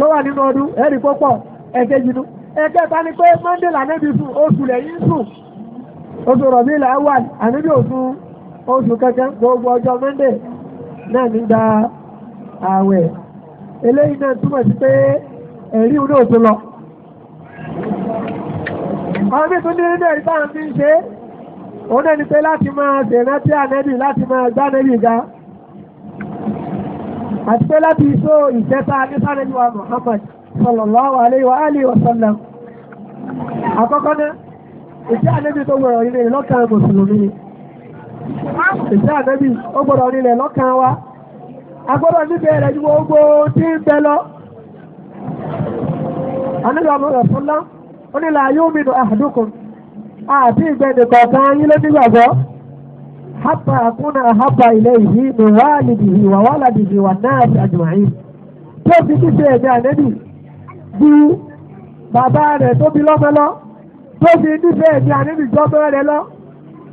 ló wà nínú ọdún ẹ̀rí eke ẹ̀kejì nu ẹ̀kẹta ni pé monday lànàbí fún oṣù lẹ́yìn sùn oṣù rọ̀bí là wà ànàbí oṣù oṣù gbogbo ọjọ́ monday náà ní gba ààwẹ̀ eléyìí náà túmọ̀ sí pé ẹ̀rí inú lọ. tún ní nínú ẹ̀rí fi ń ṣe òun náà ni pé láti máa àti pé láti iṣó ìjẹta nípàdé ní Muhammad sallallahu alayhi wa alihi wa sallam àkọ́kọ́ náà ìṣẹ́ tó gbọ́dọ̀ nílẹ̀ lọ́kàn mùsùlùmí ìṣẹ́ ó gbọ́dọ̀ nílẹ̀ wa tí ń bẹ lọ fúnlá ó حتى أكون أحب إليه من والده وولده والناس أجمعين tó fi kí ṣe ẹ̀jẹ̀ ànẹ́bì ju bàbá rẹ̀ tó bí lọ́mọ lọ tó fi nífẹ̀ẹ́ ẹ̀jẹ̀ ànẹ́bì ju ọmọ rẹ̀ lọ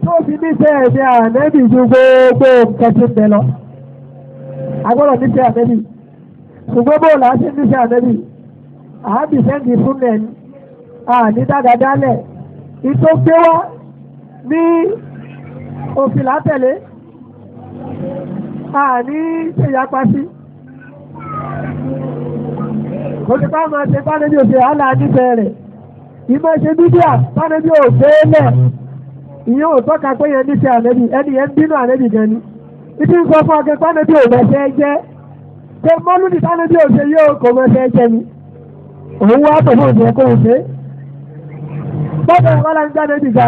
tó fi nífẹ̀ẹ́ ẹ̀jẹ̀ ànẹ́bì ju gbogbo kẹsí bẹ̀ lọ. agbọ́dọ̀ nífẹ̀ẹ́ ànẹ́bì ṣùgbọ́n bó la ṣe nífẹ̀ẹ́ ànẹ́bì àábì sẹ́ǹdì fún nẹ̀ àní dáadáa dálẹ̀ ní òfin látẹ̀lé a ní ṣèyapa sí kò sí pàmò ṣe pánẹ́bí òfin àlà nífẹ̀ẹ́ rẹ̀ ìmọ̀ ṣe bíbíà pánẹ́bí òfin náà ìyẹn ò tọ́ka pé yẹn nífẹ̀ẹ́ ànẹ́bí ẹni yẹn bínú ànẹ́bí gan ni ibi nǹkan fún ọkẹ pánẹ́bí òfin jẹ́ pé mọ́lúdì pánẹ́bí òfin yóò kò mọ́ fẹ́ jẹ́ ni òun wá pẹ̀lú òfin ẹ̀kọ́ òfin bọ́dọ̀ ìwọ́lá ń jáde dìgbà.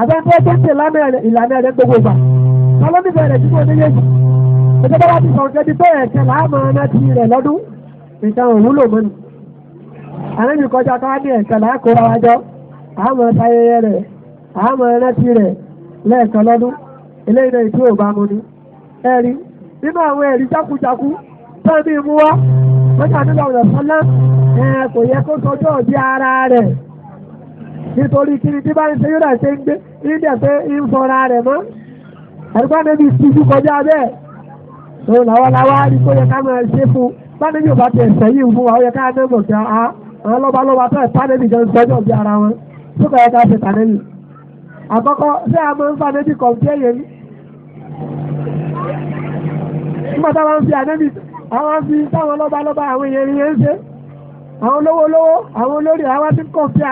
àtàkùn tó ń tẹ̀ ìlànà rẹ̀ gbogbo ìgbà kálọ́ nífẹ̀ẹ́ rẹ̀ dúró méjèèjì ìjọba bá ti sọ̀rọ̀ kẹ́bi pé ẹ̀kẹ́ láàmú ọ̀nà ti rẹ̀ lọ́dún nǹkan òwúlò mọ́ni àrẹ́bí kọjá ká ní ẹ̀kẹ́ láàkóra wájọ́ àmọ́ sáyẹyẹ rẹ̀ àmọ́ ọ̀nà ti rẹ̀ lẹ́ẹ̀kan lọ́dún eléyìí náà ìtú òbá mu ni ẹ̀rí nínú àwọn ẹ̀rí jákujáku tẹ́ẹ̀mí mú wá lọ́jà ẹ̀ kò yẹ kó sọjọ́ ìdẹ̀ pé ń rẹ̀ mọ́ àdúgbò ànábì ṣíṣú kọjá bẹ́ẹ̀ òun làwọn làwọn yẹ ká máa fún bánẹ́bí ò bá fún wa ó yẹ a ah, àwọn lọ́ba tó ẹ̀ pánẹ́bì jẹun sọ́jọ́ bí ara wọn tó kọ̀ yẹ ká ṣe pánẹ́bì àkọ́kọ́ ṣé a máa ń fa ànábì kọ̀ǹpé yẹn ni nígbà táwọn fi ànábì àwọn fi táwọn àwọn èèyàn ń ṣe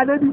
àwọn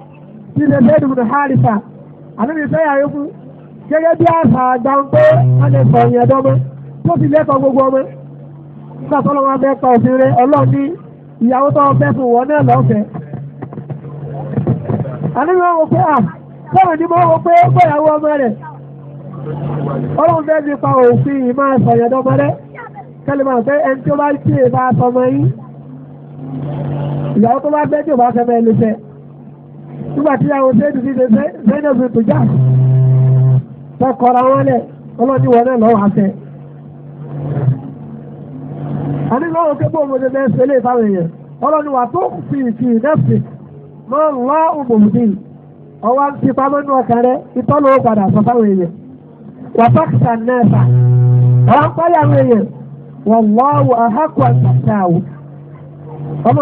tí ṣe bẹ́ẹ̀ dùbùdù hárìfà ànábì sẹ́yà yókù gẹ́gẹ́ bí àṣà àgbàǹgbé wọn lè dọ́mọ tó ti lẹ́kọ̀ọ́ gbogbo ọmọ nígbà tó lọ́wọ́ bẹ́ẹ̀ kọ òfin rẹ ọlọ́ọ̀ni ìyàwó tó fẹ́ fún wọn náà lọ́fẹ̀ẹ́. ànábì wọn wò pé à sọ̀rọ̀ ni mo wò pé gbọ́yàwó ọmọ rẹ̀ ọlọ́run fẹ́ nípa òfin ìmọ̀ àṣàyàn dọ́mọ rẹ̀ kẹ́lẹ́ máa fẹ́ ẹni tó bá ń bá sọmọ yín ìyàwó tó bá fẹ́ tí ò bá fẹ́ mẹ́ lè fẹ́. nígbà tí àwọn zaidu ti ṣe zainab tó já tọkọra wọn ọlọ́ni wọn lọ́wọ́ àfẹ. àní lọ́wọ́ pé bóun ṣe bẹ́ẹ̀ ṣe lè èèyàn ọlọ́ni wà tó fi fi nẹ́ẹ̀sì máa lọ́ òbòmùdì ọwọ́ ti pamọ́ ọkàn rẹ padà sọ fáwọn èèyàn wà pálí àwọn èèyàn lọ́wọ́ àhákùn ọmọ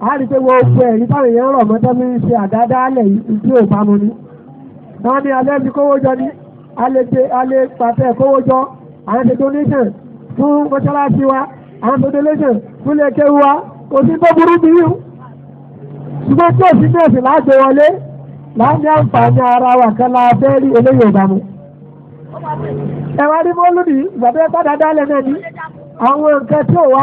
a rí pé gbogbo ẹ̀rí táwọn èèyàn rọ̀ mọ́tọ́ mi ń ṣe àdádálẹ̀ ìdí òbámu ni wọ́n ni alẹ́ fi kówó jọ ní alẹ́ pàtẹ́ kówó jọ àwọn ṣe wa àwọn ṣe donation fún wa kò sí tó burú bí ṣùgbọ́n tí òsì náà sì wọlé láàmì àǹfààní ara wa kan la fẹ́ rí eléyìí náà àwọn nǹkan tí ò wá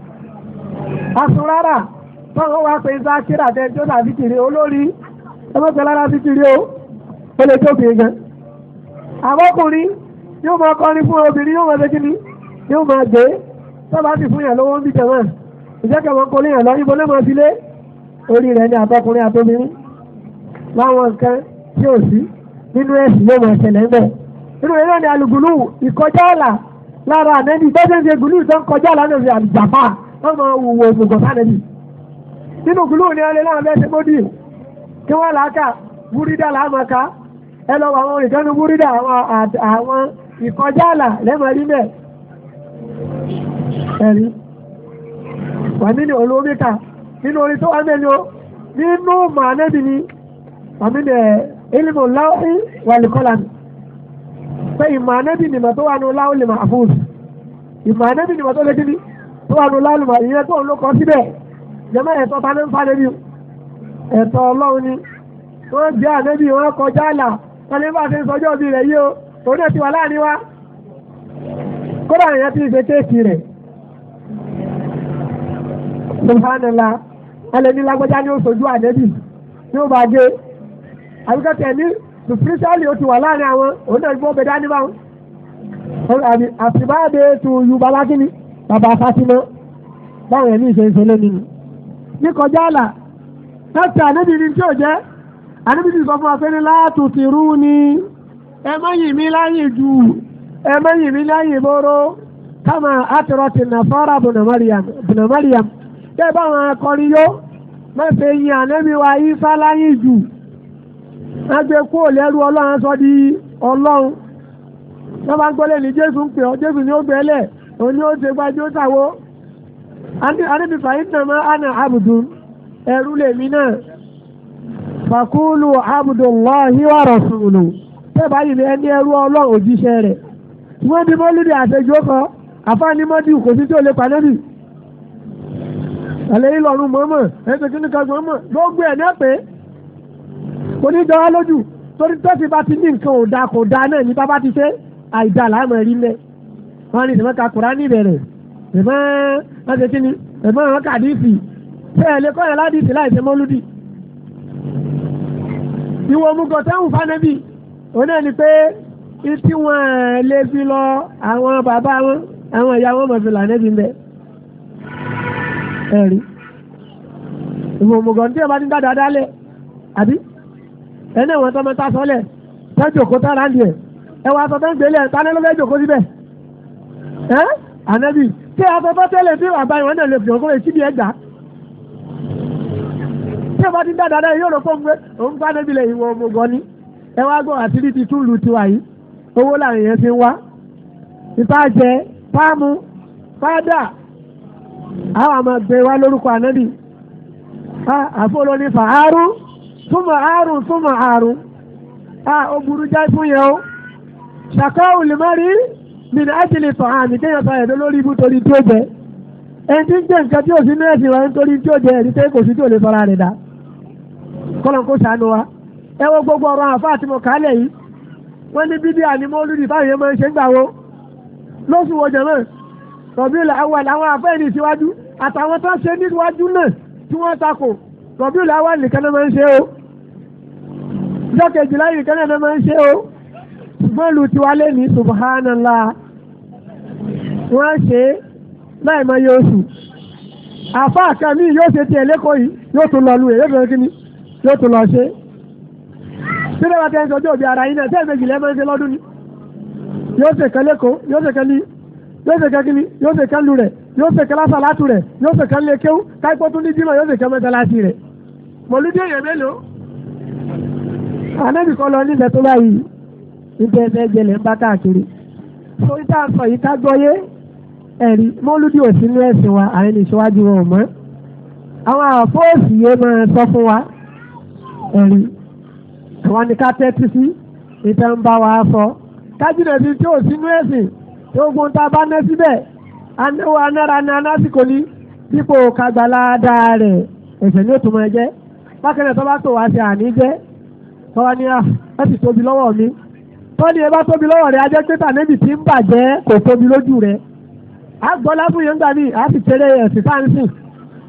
àsùn rárá tọ́wọ́ wá pé zákírà tẹ jọ́nà fìtìrì olórí ẹgbẹ́pẹ́ lára fìtìrì o ó lè tóbi gan. àmọ́kùnrin yóò máa kọrin fún obìnrin yóò máa ṣe kíni yóò máa gbé tọ́ba ti fún yàn lọ́wọ́ ń bí tẹ̀wọ́ ìjẹ́kẹ̀ wọn kọrin yàn lọ ibo ló máa orí rẹ̀ ní àtọkùnrin àtobìnrin láwọn nǹkan tí ò sí nínú ẹ̀sìn yóò máa ṣẹlẹ̀ ńbẹ̀ nínú eré ni alùgùlù ìkọjá ọ̀la lára ànẹ́ni bẹ́ẹ̀ ṣe ń ṣe gùlù tó ń kọjá ọ̀la ní òfin àlùjàpá wọ́n máa wò wò ògùn gọ̀tà nẹ́bí nínú gúlù ní ọlẹ́ láwọn bẹ́ẹ̀ ṣe mọ́dì kí wọ́n làákà búrídà làámọ̀ká ẹ lọ àwọn olùdánù búrídà àwọn ìkọjá àlà lẹ́mọ̀rí mẹ́ ẹ̀rí wà nínú olómìkà nínú orí tó wà mẹ́ni o nínú màánẹ́bì ni wà nínú ilmu láwọ́ wàlùkọ́lá mi pé ìmàánẹ́bì ni mà tó wà ní láwọ́ lè mà àfúùsù ìmàánẹ́bì ni mà tó lé kíní tó wà ló lálùmọ̀ ìyẹn tó ń ló kọ síbẹ̀ jẹ́mọ́ ẹ̀tọ́ ta ló ń falẹ̀ bí ẹ̀tọ́ ọlọ́run ni wọ́n jẹ́ ànẹ́bí wọn kọjá àlà tọ́lé bá ti ń sọjọ́ bí rẹ̀ yí o òun náà ti wà láàrin wa kódà ìyẹn ti ṣe kéèkì rẹ̀ subhanala alẹ́ni lágbájá ni ó sojú ànẹ́bí ni ó bá gé àbíkẹ́ tẹ̀lé sùpírísẹ́lì ó ti wà láàrin àwọn òun náà gbọ́ bẹ̀dá níbà wọn àbí tu yorùbá lákìní. Baba fatimọ báwọn ẹ̀mí ìṣe ìṣe lónìí ní kọjá àlà láti ànábì ní tí ò jẹ́ ànábì ti sọ fún wa pé ní láàtò ti rú ni ẹ má yìn láyìn jù ẹ má yìn láyìn bóró káma àtọ̀rọ̀ ti nà fọ́ra bùnà Mariam di ní Jésù ń òní ó ṣe gbájú sàwó adébífà yìí nàmá àná àbùdù ẹrú lèmi náà fàkúlù abdullahi wa rasulu tẹ́ẹ̀bá yìí ni ẹni ẹrú ọlọ́run òjíṣẹ́ rẹ̀ wọ́n bí mọ́lúdì àtẹ̀jọ́ kan àfáàní mọ́dì kò sí tí ò lè pa lẹ́bì àlẹ́ ìlọrun mọ́mọ́ ẹ̀sẹ̀ kí ní kan mọ́mọ́ lóògùn ẹ̀ náà pé kò ní dọ́wọ́ lójú torí tẹ́sí bá ti ní nǹkan ò da kò da náà ní bábá ti ṣe àìdá làámọ̀ rí mẹ́ wọ́n ní ìdìbò ka Kùránì bẹ̀rẹ̀ ìdìbò wọ́n ṣe kíni ìdìbò wọn kà díìsì ṣé ẹ̀ lè kọ́ yẹn ládìsì láì ṣe mọ́lúdì. ìwọ omugọ tẹ́hùn fánẹ́bì òun náà ni pé tí wọ́n lè fi lọ àwọn bàbá wọn àwọn ìyá wọn mọ̀fì lànẹ́bì ń bẹ. ẹ̀rí ìwọ omugọ tí wọ́n bá ti ń dáadáa dálẹ̀ àbí ẹ̀ náà wọ́n tọ́ mọ́ta sọ́lẹ̀ kó tára ń diẹ̀ ẹ̀ wọ́n aṣọ tó ń tánilọ́fẹ́ jòkó síbẹ̀. ẹ́ ànábì tí afẹ́fẹ́ tẹ́lẹ̀ bí bàbá ìwọ́n lè fi òkúrò sí bí ẹ̀dá tí ìbá ti dáadáa yóò rò fún mi òun bá níbi lè ọmọ ni ẹ ti tún tiwa yìí owó làwọn èèyàn ń wá àwọn gbé wá lórúkọ ànábì o nínú ájìlì tàn án nìkéyàn sáyẹ̀ ló lórí ibú torí tí ó jẹ ẹni tí ń jẹ nǹkan tí ò sí nẹ́ẹ̀sì wa nítorí tí ó jẹ ẹni tẹ́ kò sí tí ò lè sọ́ra rẹ̀ dá kọ́lọ̀ kó sànù wa ẹ wo gbogbo ọ̀rọ̀ àfa àti mọ̀ kálẹ̀ yìí wọ́n ní bíbí àní mo lùdì táwọn èèyàn máa ń ṣe ń gbà wo lóṣù wo jẹ̀mọ́ rọ̀bíù làwọn àwọn afẹ́ ìní síwájú àtàwọn tó ń ṣe níwájú náà tí wọ́n takò rọ̀bíù làwọn nìkan náà máa ń ṣe o jọ́kejìlá nìkan náà máa ń ṣe o ṣùgbọ́n lù tiwa lé ní subhanallah wọ́n ṣe é láì mọ iye oṣù àfa àkàmì yóò ṣe tiẹ̀ lẹ́kọ̀ọ́ yìí yóò tún lọ lu ẹ̀ yóò tún lọ kí ni yóò tún lọ ṣe é sílẹ̀ bá tẹ́ ń sọjọ́ òbí ara yín náà sẹ́yìn méjì lẹ́mọ́ ṣe lọ́dún ni yóò ṣe kan lẹ́kọ̀ọ́ yóò ṣe kan ní yóò ṣe kan kíni yóò ṣe kan lu rẹ̀ yóò ṣe kan lásà látù rẹ̀ yóò ṣe kan lé kéwú káìpọ́ tún ní jímọ̀ yóò ṣe kan mẹ́ta láti rẹ̀ mọ̀lúdí èèyàn mélòó. ànábì kọ́ lọ nílẹ̀ tó báyìí níbẹ̀ ẹgbẹ́ ẹ̀rí mọ́lúdì òsì ní wa àyẹn ní ìṣíwájú wọn ò mọ́ àwọn àfọ́ọ̀sì yẹn máa sọ fún wa ẹ̀rí àwọn ni ká tẹ́tí sí ìtàn bá wa sọ kájínà sí tí òsì ní ẹ̀sìn tó gun tá a bá ná síbẹ̀ anáwó anára ní anásìkò ní dípò kagbalada rẹ̀ ẹ̀sẹ̀ ní òtún máa jẹ́ bákan náà tó bá tó wá sí àní jẹ́ tọ́wá ní à ẹ sì tóbi lọ́wọ́ mi tọ́ni ẹ bá tóbi lọ́wọ́ rẹ̀ ajẹ́ pé tànẹ́bì ti ń bàjẹ́ kò tóbi lójú rẹ̀ agbọ́lá fún yẹn gbà mí a sì tẹ̀lé ẹ̀sìn sáyẹ́nsì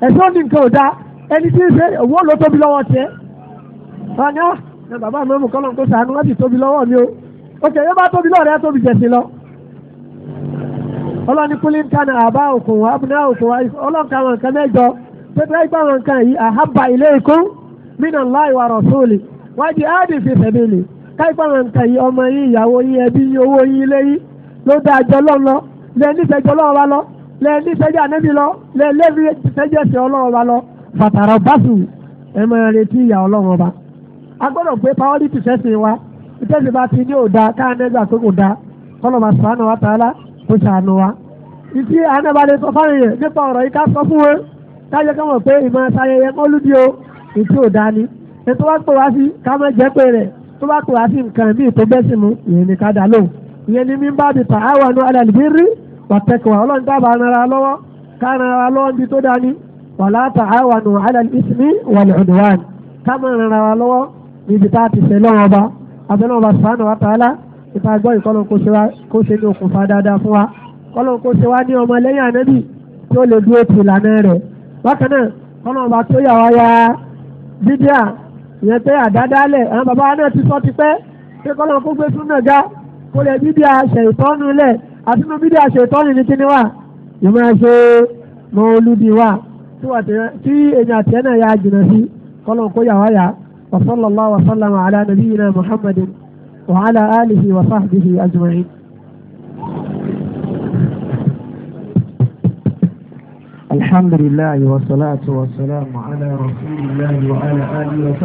ẹ̀sìn òní nǹkan ò dá ẹni tí ń ṣe owó ló tóbi lọ́wọ́ tiẹ̀ ọ̀nà ah, ẹ̀ bàbá mi mú kọ́lọ́n kó sànú wọ́n mi o òkè yóò bá tóbi lọ́ọ̀rẹ́ tóbi jẹ̀sìn lọ. ọlọ́ni kúlín kánà àbá òkun abúlé òkun mẹ́jọ pépé yìí àhábà ilé ikú mínà láì wà rọ̀súùlì wájú áàdì fi yìí ọmọ yìí ìyàwó yìí ẹbí yìí owó yìí ilé yìí ló lẹ́ẹ̀ nífẹ̀ẹ́ jọ ọlọ́run wa lọ lẹ́ẹ̀ nífẹ̀ẹ́ jẹ ànẹ́bí lọ lẹ́ẹ̀ nífẹ̀ẹ́ jẹ ẹsẹ̀ ọlọ́run wa lọ fàtàrà báṣù ẹ máa retí ìyà ọlọ́run ọba a gbọ́dọ̀ gbé priority sẹ́sìn wa ìtẹ́sìn bá ti ní òda káànẹ́gbà pé kò da kọ́lọ́mà sàánù wa tààlà kó sàánù wa ìtí ànábalẹ̀ sọ fáwọn èèyàn nípa ọ̀rọ̀ yìí ká sọ fún wọn káyọ̀ kọ́mọ̀ pé ìmọ̀ ṣayẹyẹ mọ́lúdí o ìtí òda ni ètò wa pè wá sí ká má jẹ́ pé rẹ̀ tó bá pè wá sí nǹkan míì ìyẹn ni mímbà di tàáwánu alàlùbírí wàtẹ́kùwà ọlọ́run dábàá nara lọ́wọ́ ká nara lọ́wọ́ níbi tó dání wàlá tàáwánu alàlùbísíní wàlùhùnúwàn ká má nara lọ́wọ́ níbi tá a ti sẹ́ lọ́wọ́ ọba abẹ́lẹ́ ọba sànù wa tààlà ìta gbọ́ ìkọlọ́n kó ṣe ní okùnfà dáadáa fún wa kọlọ́n kó ṣe wá ní ọmọ lẹ́yìn ànábì tí ó lè dúró ti ìlànà rẹ̀ bákan náà kọlọ́n ọba tó yà wá ya bídíà ìyẹn pé àdádálẹ̀ àwọn bàbá náà ti sọ ti pẹ́ pé kó lè bíbí àṣẹ ìtọ́nu lẹ̀ àti inú bíbí àṣẹ ìtọ́nu ní kíní wà ìmọ̀ ẹ̀ṣẹ̀ mọ́lúdi wà tí èèyàn àti ẹ̀nà ya jìnnà sí kọ́lọ̀ kó yà wáyà wa sallallahu wa sallama ala nabiyyina muhammadin wa ala alihi wa sahbihi ajma'in. الحمد لله والصلاة والسلام على رسول الله وعلى آله وصحبه